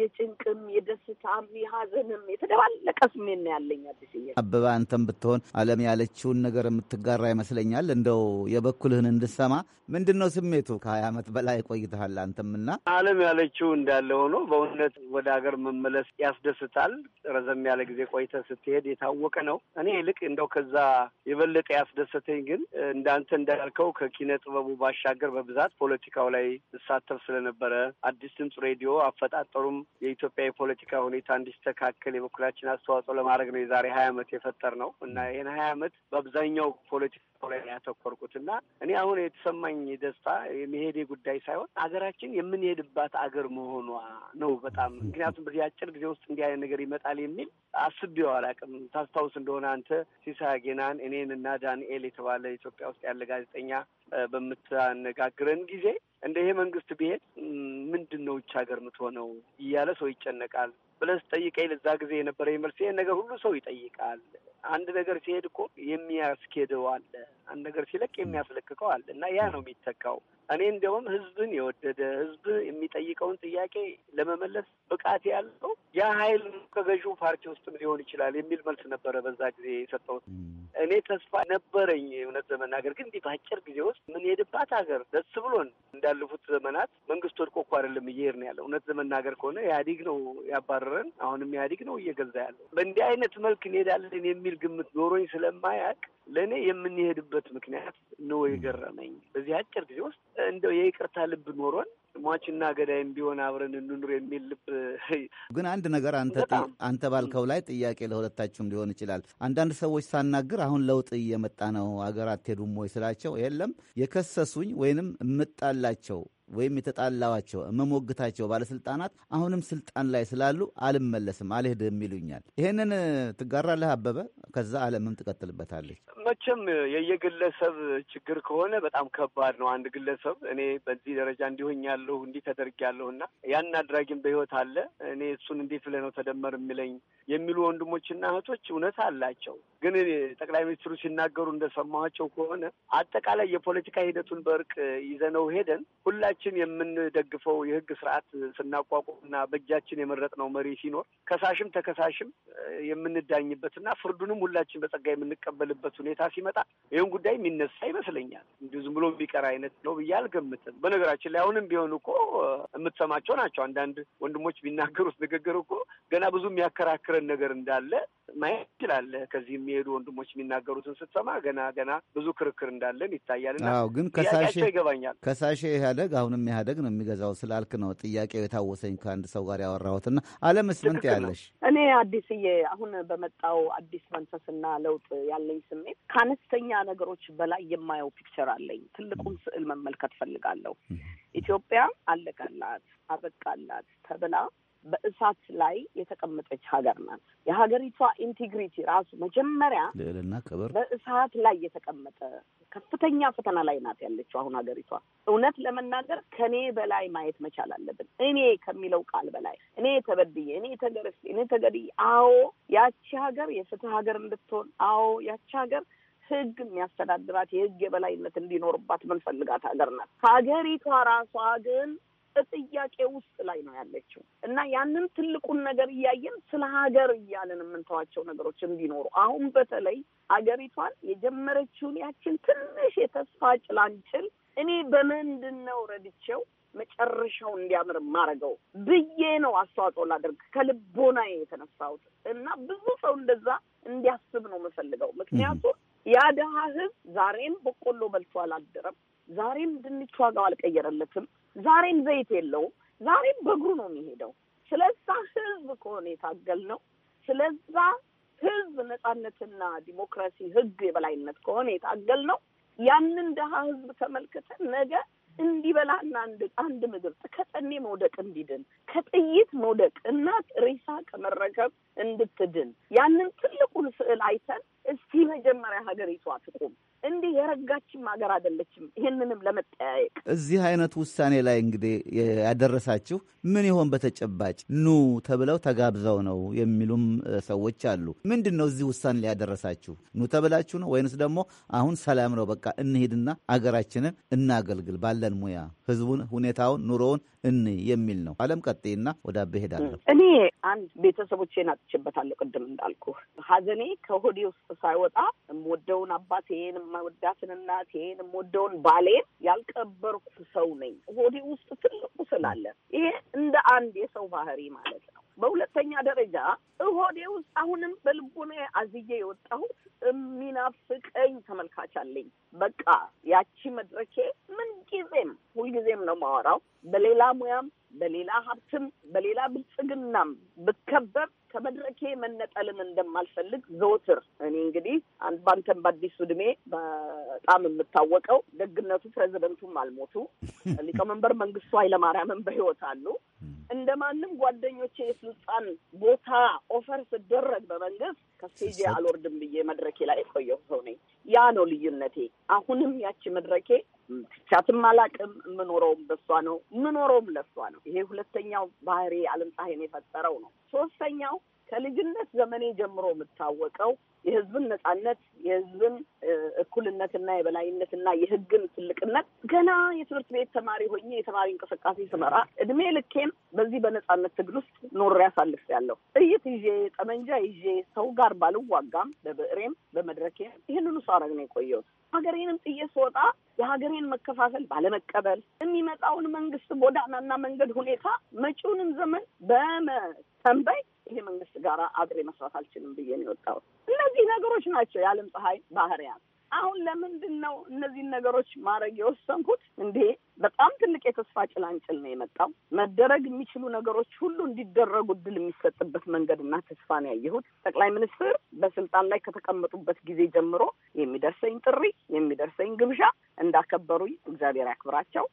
[SPEAKER 3] የጭንቅም የደስታም የሀዘንም የተደባለቀ ስሜት ነው ያለኝ። አዲስ
[SPEAKER 1] አበባ አንተም ብትሆን አለም ያለችውን ነገር የምትጋራ ይመስለኛል። እንደው የበኩልህን እንድሰማ ምንድን ነው ስሜቱ? ከሀያ ዓመት በላይ ቆይተሃል አንተም
[SPEAKER 2] አለም ያለችው እንዳለ ሆኖ በእውነት ወደ ሀገር መመለስ ያስደስታል። ረዘም ያለ ጊዜ ቆይተህ ስትሄድ የታወቀ ነው። እኔ ይልቅ እንደው ከዛ የበለጠ ያስደሰተኝ ግን እንዳንተ እንዳልከው ከኪነ ጥበቡ ባሻገር በብዛት ፖለቲካው ላይ እሳተፍ ስለነበረ አዲስ ድምፅ ሬዲዮ አፈጣጠሩም የኢትዮጵያ የፖለቲካ ሁኔታ እንዲስተካከል የበኩላችን አስተዋጽኦ ለማድረግ ነው የዛሬ ሀያ ዓመት የፈጠር ነው እና ይህን ሀያ ዓመት በአብዛኛው ፖለቲካ ላይ ያተኮርኩት እና እኔ አሁን የተሰማኝ ደስታ የመሄዴ ጉዳይ ሳይሆን ሀገራችን የምንሄድባት አገር መሆኗ ነው በጣም ምክንያቱም በዚህ አጭር ጊዜ ውስጥ እንዲህ አይነት ነገር ይመጣል የሚል አስቤው አላውቅም። ታስታውስ እንደሆነ አንተ ሲሳ ጌናን እኔን እና ዳንኤል የተባለ ኢትዮጵያ ውስጥ ያለ ጋዜጠኛ በምታነጋግረን ጊዜ እንደ ይሄ መንግስት ብሄድ ምንድን ነው ውጭ ሀገር የምትሆነው እያለ ሰው ይጨነቃል። ብለህ ስጠይቀኝ ለዛ ጊዜ የነበረ መልስ ይህን ነገር ሁሉ ሰው ይጠይቃል። አንድ ነገር ሲሄድ እኮ የሚያስኬደው አለ፣ አንድ ነገር ሲለቅ የሚያስለቅቀው አለ እና ያ ነው የሚተካው። እኔ እንዲያውም ህዝብን የወደደ ህዝብ የሚጠይቀውን ጥያቄ ለመመለስ ብቃት ያለው ያ ሀይል ከገዢው ፓርቲ ውስጥም ሊሆን ይችላል የሚል መልስ ነበረ በዛ ጊዜ የሰጠሁት። እኔ ተስፋ ነበረኝ እውነት ለመናገር ግን እንዲህ በአጭር ጊዜ ውስጥ የምንሄድባት ሀገር ደስ ብሎን እንዳለፉት ዘመናት መንግስት ወድቆ እኮ አይደለም እየሄድን ያለ እውነት ለመናገር ከሆነ ኢህአዴግ ነው ያባረ እያባረረን አሁንም ኢህአዴግ ነው እየገዛ ያለው። በእንዲህ አይነት መልክ እንሄዳለን የሚል ግምት ኖሮኝ ስለማያውቅ ለእኔ የምንሄድበት ምክንያት ነው የገረመኝ። በዚህ አጭር ጊዜ ውስጥ እንደው የይቅርታ ልብ ኖሮን ሟችና ገዳይም ቢሆን አብረን እንኑር የሚል ልብ።
[SPEAKER 1] ግን አንድ ነገር አንተ ባልከው ላይ ጥያቄ ለሁለታችሁም ሊሆን ይችላል። አንዳንድ ሰዎች ሳናግር አሁን ለውጥ እየመጣ ነው አገር አትሄዱም ወይ ስላቸው የለም የከሰሱኝ ወይንም እምጣላቸው ወይም የተጣላዋቸው የምሞግታቸው ባለስልጣናት አሁንም ስልጣን ላይ ስላሉ አልመለስም አልሄድም ይሉኛል። ይህንን ትጋራለህ አበበ? ከዛ አለምም ትቀጥልበታለች።
[SPEAKER 2] መቼም የየግለሰብ ችግር ከሆነ በጣም ከባድ ነው። አንድ ግለሰብ እኔ በዚህ ደረጃ እንዲሆኛለሁ እንዲህ ተደርጊያለሁ እና ያን አድራጊም በህይወት አለ። እኔ እሱን እንዴት ብለህ ነው ተደመር የሚለኝ የሚሉ ወንድሞችና እህቶች እውነት አላቸው። ግን ጠቅላይ ሚኒስትሩ ሲናገሩ እንደሰማኋቸው ከሆነ አጠቃላይ የፖለቲካ ሂደቱን በእርቅ ይዘነው ሄደን ሁላችን የምንደግፈው የህግ ስርዓት ስናቋቁምና በእጃችን የመረጥነው መሪ ሲኖር ከሳሽም ተከሳሽም የምንዳኝበትና ፍርዱንም ሁላችን በጸጋ የምንቀበልበት ሁኔታ ሲመጣ ይህን ጉዳይ የሚነሳ ይመስለኛል። እንዲሁ ዝም ብሎ የሚቀር አይነት ነው ብዬ አልገምትም። በነገራችን ላይ አሁንም ቢሆን እኮ የምትሰማቸው ናቸው። አንዳንድ ወንድሞች ቢናገሩት ንግግር እኮ ገና ብዙ የሚያከራክረን ነገር እንዳለ ማየት እንችላለን። ከዚህ የሚሄዱ ወንድሞች የሚናገሩትን ስትሰማ ገና ገና ብዙ ክርክር እንዳለን ይታያልና ግን ከሳሼ ይገባኛል።
[SPEAKER 1] ከሳሼ ኢህአደግ አሁንም ኢህአደግ ነው የሚገዛው ስላልክ ነው ጥያቄው የታወሰኝ ከአንድ ሰው ጋር ያወራሁትና አለምስ ምን ትያለሽ?
[SPEAKER 3] እኔ አዲስዬ አሁን በመጣው አዲስ መንፈስ መንፈስና ለውጥ ያለኝ ስሜት ከአነስተኛ ነገሮች በላይ የማየው ፒክቸር አለኝ። ትልቁን ስዕል መመልከት ፈልጋለሁ። ኢትዮጵያ አለቀላት፣ አበቃላት ተብላ በእሳት ላይ የተቀመጠች ሀገር ናት። የሀገሪቷ ኢንቴግሪቲ ራሱ መጀመሪያ
[SPEAKER 1] ልዕልና ክብር
[SPEAKER 3] በእሳት ላይ የተቀመጠ ከፍተኛ ፈተና ላይ ናት ያለችው አሁን ሀገሪቷ። እውነት ለመናገር ከኔ በላይ ማየት መቻል አለብን። እኔ ከሚለው ቃል በላይ እኔ ተበድዬ፣ እኔ ተገርፌ፣ እኔ ተገድዬ። አዎ ያቺ ሀገር የፍትህ ሀገር እንድትሆን፣ አዎ ያቺ ሀገር ህግ የሚያስተዳድራት የህግ የበላይነት እንዲኖርባት ምንፈልጋት ሀገር ናት። ሀገሪቷ ራሷ ግን ጥያቄ ውስጥ ላይ ነው ያለችው እና ያንን ትልቁን ነገር እያየን ስለ ሀገር እያለን የምንተዋቸው ነገሮች እንዲኖሩ አሁን በተለይ ሀገሪቷን የጀመረችውን ያችን ትንሽ የተስፋ ጭላንጭል እኔ በምንድን ነው ረድቼው መጨረሻው እንዲያምር ማረገው ብዬ ነው አስተዋጽኦ ላደርግ ከልቦና የተነሳሁት እና ብዙ ሰው እንደዛ እንዲያስብ ነው የምፈልገው። ምክንያቱም ያ ድሀ ህዝብ ዛሬም በቆሎ በልቶ አላደረም። ዛሬም ድንች ዋጋው አልቀየረለትም። ዛሬም ዘይት የለውም። ዛሬም በእግሩ ነው የሚሄደው። ስለዛ ህዝብ ከሆነ የታገል ነው። ስለዛ ህዝብ ነጻነትና ዲሞክራሲ ህግ የበላይነት ከሆነ የታገል ነው። ያንን ደሃ ህዝብ ተመልክተን ነገ እንዲበላና አንድ ምግብ ከጠኔ መውደቅ እንዲድን ከጥይት መውደቅ እና ሬሳ ከመረከብ እንድትድን ያንን ትልቁን ስዕል አይተን እስቲ መጀመሪያ ሀገሪቷ ትቁም፣ እንዲህ የረጋችም ሀገር አይደለችም። ይህንንም ለመጠያየቅ
[SPEAKER 1] እዚህ አይነት ውሳኔ ላይ እንግዲህ ያደረሳችሁ ምን ይሆን በተጨባጭ ኑ ተብለው ተጋብዘው ነው የሚሉም ሰዎች አሉ። ምንድን ነው እዚህ ውሳኔ ላይ ያደረሳችሁ? ኑ ተብላችሁ ነው ወይንስ ደግሞ አሁን ሰላም ነው በቃ እንሄድና አገራችንን እናገልግል ባለን ሙያ ህዝቡን፣ ሁኔታውን፣ ኑሮውን እን የሚል ነው። አለም ቀጤና ወደ አብ ሄዳለሁ።
[SPEAKER 3] እኔ አንድ ቤተሰቦቼን አጥቼበታለሁ። ቅድም እንዳልኩ ሀዘኔ ከሆዴ ውስጥ ሳይወጣ የምወደውን አባቴንም የምወዳትን እናቴን የምወደውን ባሌን ያልቀበርኩ ሰው ነኝ። ሆዴ ውስጥ ትልቁ ስላለ ይሄ እንደ አንድ የሰው ባህሪ ማለት ነው። በሁለተኛ ደረጃ ሆዴ ውስጥ አሁንም በልቡና አዝዬ የወጣሁት የሚናፍቀኝ ተመልካች አለኝ። በቃ ያቺ መድረኬ ምን ጊዜም ሁልጊዜም ነው ማወራው በሌላ ሙያም በሌላ ሀብትም በሌላ ብልጽግናም ብከበብ ከመድረኬ መነጠልን እንደማልፈልግ ዘወትር እኔ እንግዲህ አንድ ባንተን በአዲሱ እድሜ በጣም የምታወቀው ደግነቱ ፕሬዚደንቱም አልሞቱ፣ ሊቀመንበር መንግስቱ ኃይለማርያምን በህይወት አሉ። እንደ ማንም ጓደኞቼ የስልጣን ቦታ ኦፈር ስደረግ በመንግስት ከስቴጅ አልወርድም ብዬ መድረኬ ላይ የቆየሁ ሰው ነኝ። ያ ነው ልዩነቴ። አሁንም ያቺ መድረኬ ትቻትም አላቅም። የምኖረውም በሷ ነው፣ የምኖረውም ለሷ ነው። ይሄ ሁለተኛው ባህሪ አለም ፀሐይን የፈጠረው ነው። ሶስተኛው ከልጅነት ዘመኔ ጀምሮ የምታወቀው የህዝብን ነጻነት፣ የህዝብን እኩልነትና የበላይነትና የህግን ትልቅነት ገና የትምህርት ቤት ተማሪ ሆኜ የተማሪ እንቅስቃሴ ስመራ እድሜ ልኬም በዚህ በነጻነት ትግል ውስጥ ኖሬ ያለው ጥይት ይዤ ጠመንጃ ይዤ ሰው ጋር ባልዋጋም በብዕሬም በመድረኬም ይህንኑ ሳረግ ነው የቆየሁት። ሀገሬንም ጥዬ ስወጣ የሀገሬን መከፋፈል ባለመቀበል የሚመጣውን መንግስት ጎዳናና መንገድ ሁኔታ መጪውንም ዘመን በመ ተንበይ ይሄ መንግስት ጋር አብሬ መስራት አልችልም ብዬ ነው እነዚህ ነገሮች ናቸው የዓለም ፀሐይ ባህሪያት። አሁን ለምንድን ነው እነዚህን ነገሮች ማድረግ የወሰንኩት? እንዴ በጣም ትልቅ የተስፋ ጭላንጭል ነው የመጣው። መደረግ የሚችሉ ነገሮች ሁሉ እንዲደረጉ እድል የሚሰጥበት መንገድና ተስፋ ነው ያየሁት። ጠቅላይ ሚኒስትር በስልጣን ላይ ከተቀመጡበት ጊዜ ጀምሮ የሚደርሰኝ ጥሪ፣ የሚደርሰኝ ግብዣ እንዳከበሩኝ እግዚአብሔር ያክብራቸው።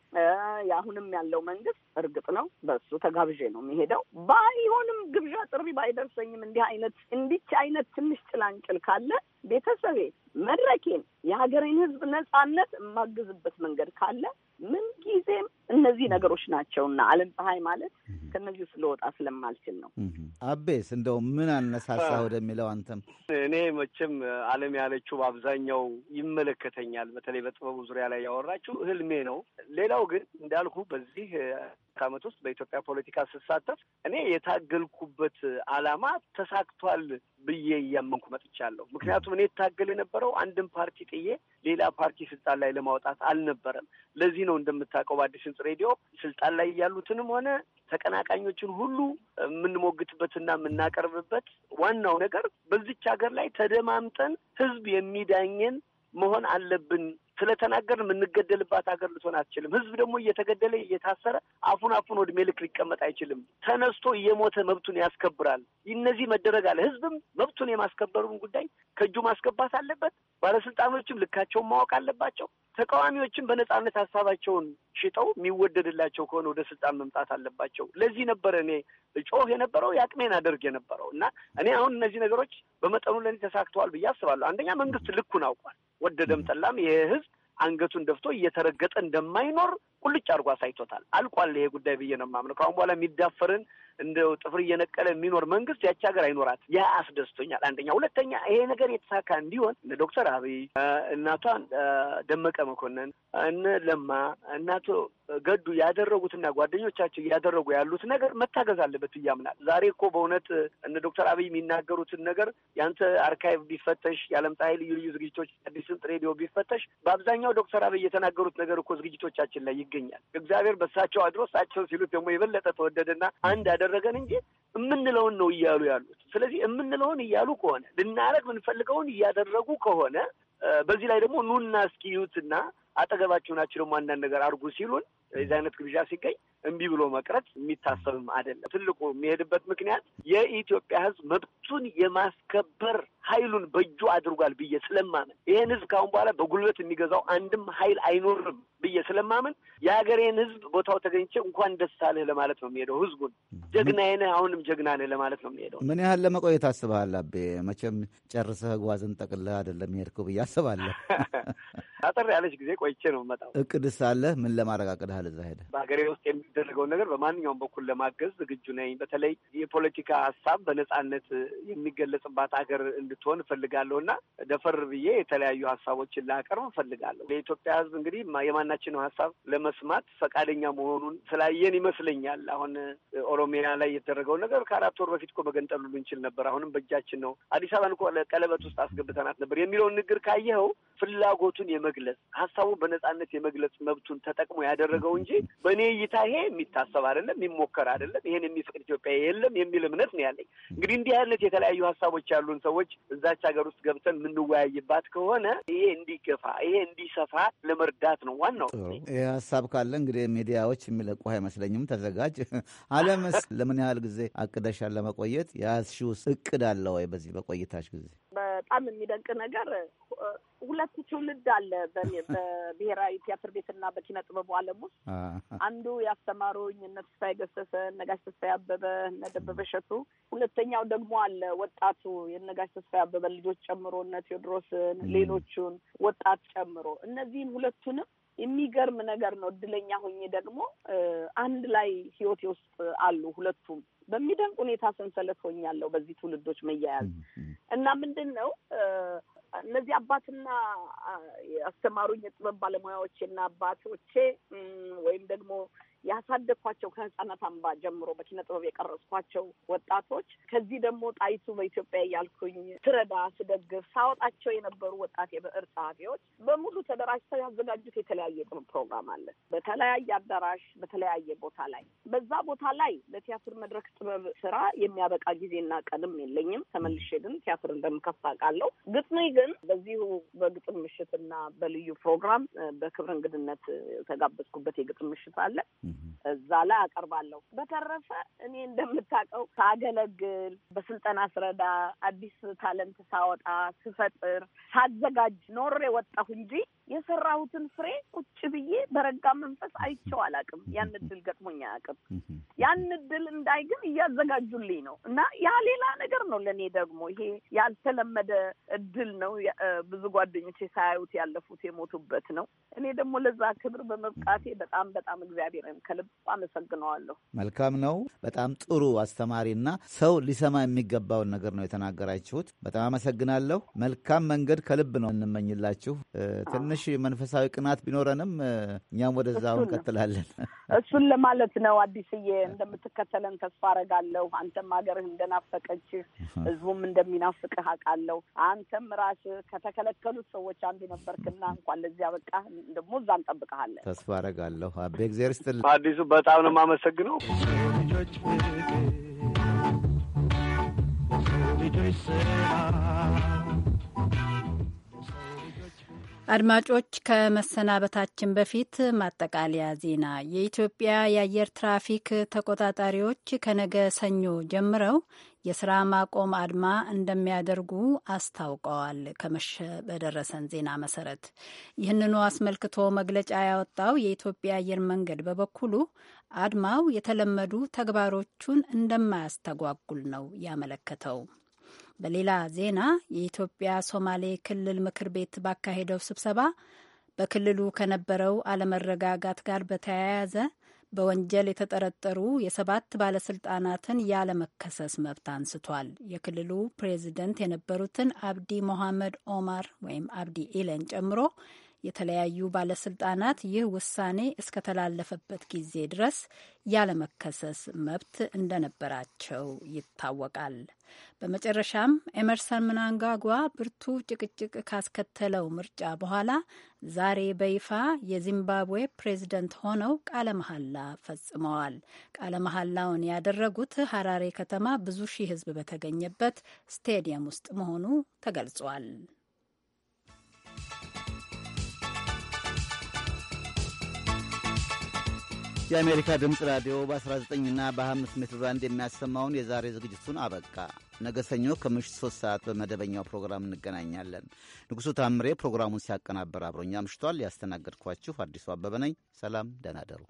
[SPEAKER 3] የአሁንም ያለው መንግስት እርግጥ ነው በሱ ተጋብዤ ነው የሚሄደው። ባይሆንም ግብዣ ጥሪ ባይደርሰኝም እንዲህ አይነት እንዲች አይነት ትንሽ ጭላንጭል ካለ ቤተሰቤ መድረኬን የሀገሬን ህዝብ ነጻነት የማግዝበት መንገድ ካለ ምን ጊዜም እነዚህ ነገሮች ናቸውና አለም ፀሐይ ማለት ከነዚህ ስለወጣ ስለማልችል ነው።
[SPEAKER 1] አቤስ እንደው ምን አነሳሳ ወደሚለው አንተም
[SPEAKER 2] እኔ መቼም አለም ያለችው በአብዛኛው ይመለከተኛል። በተለይ በጥበቡ ዙሪያ ላይ ያወራችው ህልሜ ነው። ሌላው ግን እንዳልኩ በዚህ ዓመት ውስጥ በኢትዮጵያ ፖለቲካ ስሳተፍ እኔ የታገልኩበት ዓላማ ተሳክቷል ብዬ እያመንኩ መጥቻለሁ። ምክንያቱም እኔ የታገል የነበረው አንድን ፓርቲ ጥዬ ሌላ ፓርቲ ስልጣን ላይ ለማውጣት አልነበረም። ለዚህ ነው እንደምታውቀው በአዲስ ድምፅ ሬዲዮ ስልጣን ላይ ያሉትንም ሆነ ተቀናቃኞችን ሁሉ የምንሞግትበትና የምናቀርብበት ዋናው ነገር በዚች ሀገር ላይ ተደማምጠን ህዝብ የሚዳኘን መሆን አለብን ስለተናገር የምንገደልባት ሀገር ልትሆን አትችልም። ህዝብ ደግሞ እየተገደለ እየታሰረ አፉን አፉን ወድሜ ልክ ሊቀመጥ አይችልም። ተነስቶ እየሞተ መብቱን ያስከብራል። እነዚህ መደረግ አለ። ህዝብም መብቱን የማስከበሩን ጉዳይ ከእጁ ማስገባት አለበት። ባለስልጣኖችም ልካቸውን ማወቅ አለባቸው። ተቃዋሚዎችን በነጻነት ሀሳባቸውን ሽጠው የሚወደድላቸው ከሆነ ወደ ስልጣን መምጣት አለባቸው። ለዚህ ነበር እኔ እጮህ የነበረው የአቅሜን አደርግ የነበረው እና እኔ አሁን እነዚህ ነገሮች በመጠኑ ለእኔ ተሳክተዋል ብዬ አስባለሁ። አንደኛ መንግስት ልኩን አውቋል። ወደደም ጠላም ይህ ህዝብ አንገቱን ደፍቶ እየተረገጠ እንደማይኖር ቁልጭ አድርጎ አሳይቶታል። አልቋል ይሄ ጉዳይ ብዬ ነው የማምነው። ከአሁን በኋላ የሚዳፈርን እንደ ጥፍር እየነቀለ የሚኖር መንግስት ያቺ ሀገር አይኖራትም። ያ አስደስቶኛል። አንደኛ። ሁለተኛ ይሄ ነገር የተሳካ እንዲሆን እነ ዶክተር አብይ እናቷን ደመቀ መኮንን እነ ለማ እናቶ ገዱ ያደረጉትና ጓደኞቻቸው እያደረጉ ያሉት ነገር መታገዝ አለበት ብዬ ዛሬ እኮ በእውነት እነ ዶክተር አብይ የሚናገሩትን ነገር የአንተ አርካይቭ ቢፈተሽ፣ የዓለም ፀሐይ ልዩ ልዩ ዝግጅቶች፣ አዲስ ስንጥ ሬዲዮ ቢፈተሽ በአብዛኛው ዶክተር አብይ የተናገሩት ነገር እኮ ዝግጅቶቻችን ላይ ይገኛል። እግዚአብሔር በሳቸው አድሮ እሳቸው ሲሉት ደግሞ የበለጠ ተወደደና አንድ ያደረገን እንጂ የምንለውን ነው እያሉ ያሉት። ስለዚህ የምንለውን እያሉ ከሆነ ልናረግ ምንፈልገውን እያደረጉ ከሆነ በዚህ ላይ ደግሞ ኑና እስኪዩትና አጠገባቸው ናቸው ደግሞ አንዳንድ ነገር አድርጉ ሲሉን የዚህ አይነት ግብዣ ሲገኝ እምቢ ብሎ መቅረት የሚታሰብም አይደለም። ትልቁ የሚሄድበት ምክንያት የኢትዮጵያ ሕዝብ መብቱን የማስከበር ኃይሉን በእጁ አድርጓል ብዬ ስለማምን ይህን ሕዝብ ካሁን በኋላ በጉልበት የሚገዛው አንድም ኃይል አይኖርም ብዬ ስለማምን የሀገሬን ሕዝብ ቦታው ተገኝቼ እንኳን ደስ አለህ ለማለት ነው የሚሄደው። ሕዝቡን ጀግና ነህ፣ አሁንም ጀግና ነህ ለማለት ነው የሚሄደው።
[SPEAKER 1] ምን ያህል ለመቆየት አስበሃል አቤ? መቼም ጨርሰህ ጓዝን ጠቅልለህ አይደለም የሄድከው ብዬ አስባለሁ።
[SPEAKER 2] አጠር ያለች ጊዜ ቆይቼ ነው የምመጣው።
[SPEAKER 1] እቅድስ አለህ? ምን ለማድረግ ይባላል እዛ ሄደ
[SPEAKER 2] በሀገሬ ውስጥ የሚደረገውን ነገር በማንኛውም በኩል ለማገዝ ዝግጁ ነኝ። በተለይ የፖለቲካ ሀሳብ በነጻነት የሚገለጽባት ሀገር እንድትሆን እፈልጋለሁ እና ደፈር ብዬ የተለያዩ ሀሳቦችን ላቀርብ እፈልጋለሁ። ለኢትዮጵያ ሕዝብ እንግዲህ የማናችንም ሀሳብ ለመስማት ፈቃደኛ መሆኑን ስላየን ይመስለኛል። አሁን ኦሮሚያ ላይ የተደረገው ነገር ከአራት ወር በፊት እኮ መገንጠሉ እንችል ነበር፣ አሁንም በእጃችን ነው። አዲስ አበባን እኮ ቀለበት ውስጥ አስገብተናት ነበር የሚለውን ንግግር ካየኸው ፍላጎቱን የመግለጽ ሀሳቡን በነጻነት የመግለጽ መብቱን ተጠቅሞ ያደረገው እንጂ በእኔ እይታ ይሄ የሚታሰብ አይደለም፣ የሚሞከር አይደለም፣ ይሄን የሚፈቅድ ኢትዮጵያ የለም የሚል እምነት ነው ያለኝ። እንግዲህ እንዲህ አይነት የተለያዩ ሀሳቦች ያሉን ሰዎች እዛች ሀገር ውስጥ ገብተን የምንወያይባት ከሆነ ይሄ እንዲገፋ ይሄ እንዲሰፋ ለመርዳት ነው ዋናው።
[SPEAKER 1] ይህ ሀሳብ ካለ እንግዲህ ሚዲያዎች የሚለቁ አይመስለኝም። ተዘጋጅ። አለምስ ለምን ያህል ጊዜ አቅደሻል ለመቆየት? የያዝሽውስ እቅድ አለ ወይ በዚህ በቆይታሽ ጊዜ?
[SPEAKER 3] በጣም የሚደንቅ ነገር ሁለት ትውልድ አለ በብሔራዊ ቲያትር ቤትና በኪነ ጥበቡ ዓለም ውስጥ አንዱ ያስተማሩኝ እነ ተስፋዬ ገሰሰ፣ ነጋሽ ጋሽ ተስፋዬ አበበ፣ እነ ደበበ እሸቱ፣ ሁለተኛው ደግሞ አለ ወጣቱ የነጋሽ ጋሽ ተስፋዬ አበበ ልጆች ጨምሮ እነ ቴዎድሮስን፣ ሌሎቹን ወጣት ጨምሮ እነዚህም ሁለቱንም የሚገርም ነገር ነው። እድለኛ ሆኜ ደግሞ አንድ ላይ ህይወቴ ውስጥ አሉ ሁለቱም በሚደንቅ ሁኔታ ሰንሰለት ሆኛለሁ በዚህ ትውልዶች መያያዝ እና ምንድን ነው እነዚህ አባትና ያስተማሩኝ የጥበብ ባለሙያዎቼና አባቶቼ ወይም ደግሞ ያሳደግኳቸው ከህጻናት አምባ ጀምሮ በኪነ ጥበብ የቀረጽኳቸው ወጣቶች ከዚህ ደግሞ ጣይቱ በኢትዮጵያ እያልኩኝ ስረዳ፣ ስደግፍ ሳወጣቸው የነበሩ ወጣት የብዕር ጸሐፊዎች በሙሉ ተደራጅተው ያዘጋጁት የተለያየ ጥበብ ፕሮግራም አለ። በተለያየ አዳራሽ፣ በተለያየ ቦታ ላይ በዛ ቦታ ላይ ለቲያትር መድረክ ጥበብ ስራ የሚያበቃ ጊዜና ቀንም የለኝም። ተመልሼ ግን ቲያትር እንደምከፍት አውቃለሁ። ግጥሜ ግን በዚሁ በግጥም ምሽትና በልዩ ፕሮግራም በክብር እንግድነት የተጋበዝኩበት የግጥም ምሽት አለ። እዛ ላይ አቀርባለሁ። በተረፈ እኔ እንደምታውቀው ሳገለግል፣ በስልጠና ስረዳ፣ አዲስ ታለንት ሳወጣ፣ ስፈጥር፣ ሳዘጋጅ ኖሬ ወጣሁ እንጂ የሰራሁትን ፍሬ ቁጭ ብዬ በረጋ መንፈስ አይቼው አላቅም። ያን እድል ገጥሞኝ አያቅም። ያን እድል እንዳይ ግን እያዘጋጁልኝ ነው እና ያ ሌላ ነገር ነው። ለእኔ ደግሞ ይሄ ያልተለመደ እድል ነው። ብዙ ጓደኞቼ ሳያዩት ያለፉት የሞቱበት ነው። እኔ ደግሞ ለዛ ክብር በመብቃቴ በጣም በጣም እግዚአብሔርን ከልብ አመሰግነዋለሁ።
[SPEAKER 1] መልካም ነው። በጣም ጥሩ አስተማሪ እና ሰው ሊሰማ የሚገባውን ነገር ነው የተናገራችሁት። በጣም አመሰግናለሁ። መልካም መንገድ ከልብ ነው እንመኝላችሁ። ትንሽ ትንሽ መንፈሳዊ ቅናት ቢኖረንም እኛም ወደዛው እንቀጥላለን።
[SPEAKER 3] እሱን ለማለት ነው። አዲስዬ እንደምትከተለን ተስፋ አረጋለሁ። አንተም ሀገርህ እንደናፈቀችህ ህዝቡም እንደሚናፍቅህ አውቃለሁ። አንተም ራስ ከተከለከሉት ሰዎች አንዱ ነበርክና እንኳን ለዚያ በቃ ደግሞ እዛ እንጠብቀሃለን።
[SPEAKER 1] ተስፋ አረጋለሁ። አቤ
[SPEAKER 2] አዲሱ በጣም ነው የማመሰግነው። ልጆች
[SPEAKER 4] አድማጮች ከመሰናበታችን በፊት ማጠቃለያ ዜና። የኢትዮጵያ የአየር ትራፊክ ተቆጣጣሪዎች ከነገ ሰኞ ጀምረው የስራ ማቆም አድማ እንደሚያደርጉ አስታውቀዋል። ከመሸ በደረሰን ዜና መሰረት ይህንኑ አስመልክቶ መግለጫ ያወጣው የኢትዮጵያ አየር መንገድ በበኩሉ አድማው የተለመዱ ተግባሮቹን እንደማያስተጓጉል ነው ያመለከተው። በሌላ ዜና የኢትዮጵያ ሶማሌ ክልል ምክር ቤት ባካሄደው ስብሰባ በክልሉ ከነበረው አለመረጋጋት ጋር በተያያዘ በወንጀል የተጠረጠሩ የሰባት ባለስልጣናትን ያለመከሰስ መብት አንስቷል። የክልሉ ፕሬዚደንት የነበሩትን አብዲ ሞሐመድ ኦማር ወይም አብዲ ኢለን ጨምሮ የተለያዩ ባለስልጣናት ይህ ውሳኔ እስከተላለፈበት ጊዜ ድረስ ያለመከሰስ መብት እንደነበራቸው ይታወቃል። በመጨረሻም ኤመርሰን ምናንጋጓ ብርቱ ጭቅጭቅ ካስከተለው ምርጫ በኋላ ዛሬ በይፋ የዚምባብዌ ፕሬዝደንት ሆነው ቃለ መሐላ ፈጽመዋል። ቃለ መሐላውን ያደረጉት ሀራሬ ከተማ ብዙ ሺህ ሕዝብ በተገኘበት ስቴዲየም ውስጥ መሆኑ ተገልጿል።
[SPEAKER 1] የአሜሪካ ድምፅ ራዲዮ በ19 እና በ 5 ሜትር ባንድ የሚያሰማውን የዛሬ ዝግጅቱን አበቃ። ነገ ሰኞ ከምሽት 3 ሰዓት በመደበኛው ፕሮግራም እንገናኛለን። ንጉሡ ታምሬ ፕሮግራሙን ሲያቀናበር አብሮኛ አምሽቷል። ያስተናገድኳችሁ አዲሱ አበበ ነኝ። ሰላም፣ ደህና ደሩ።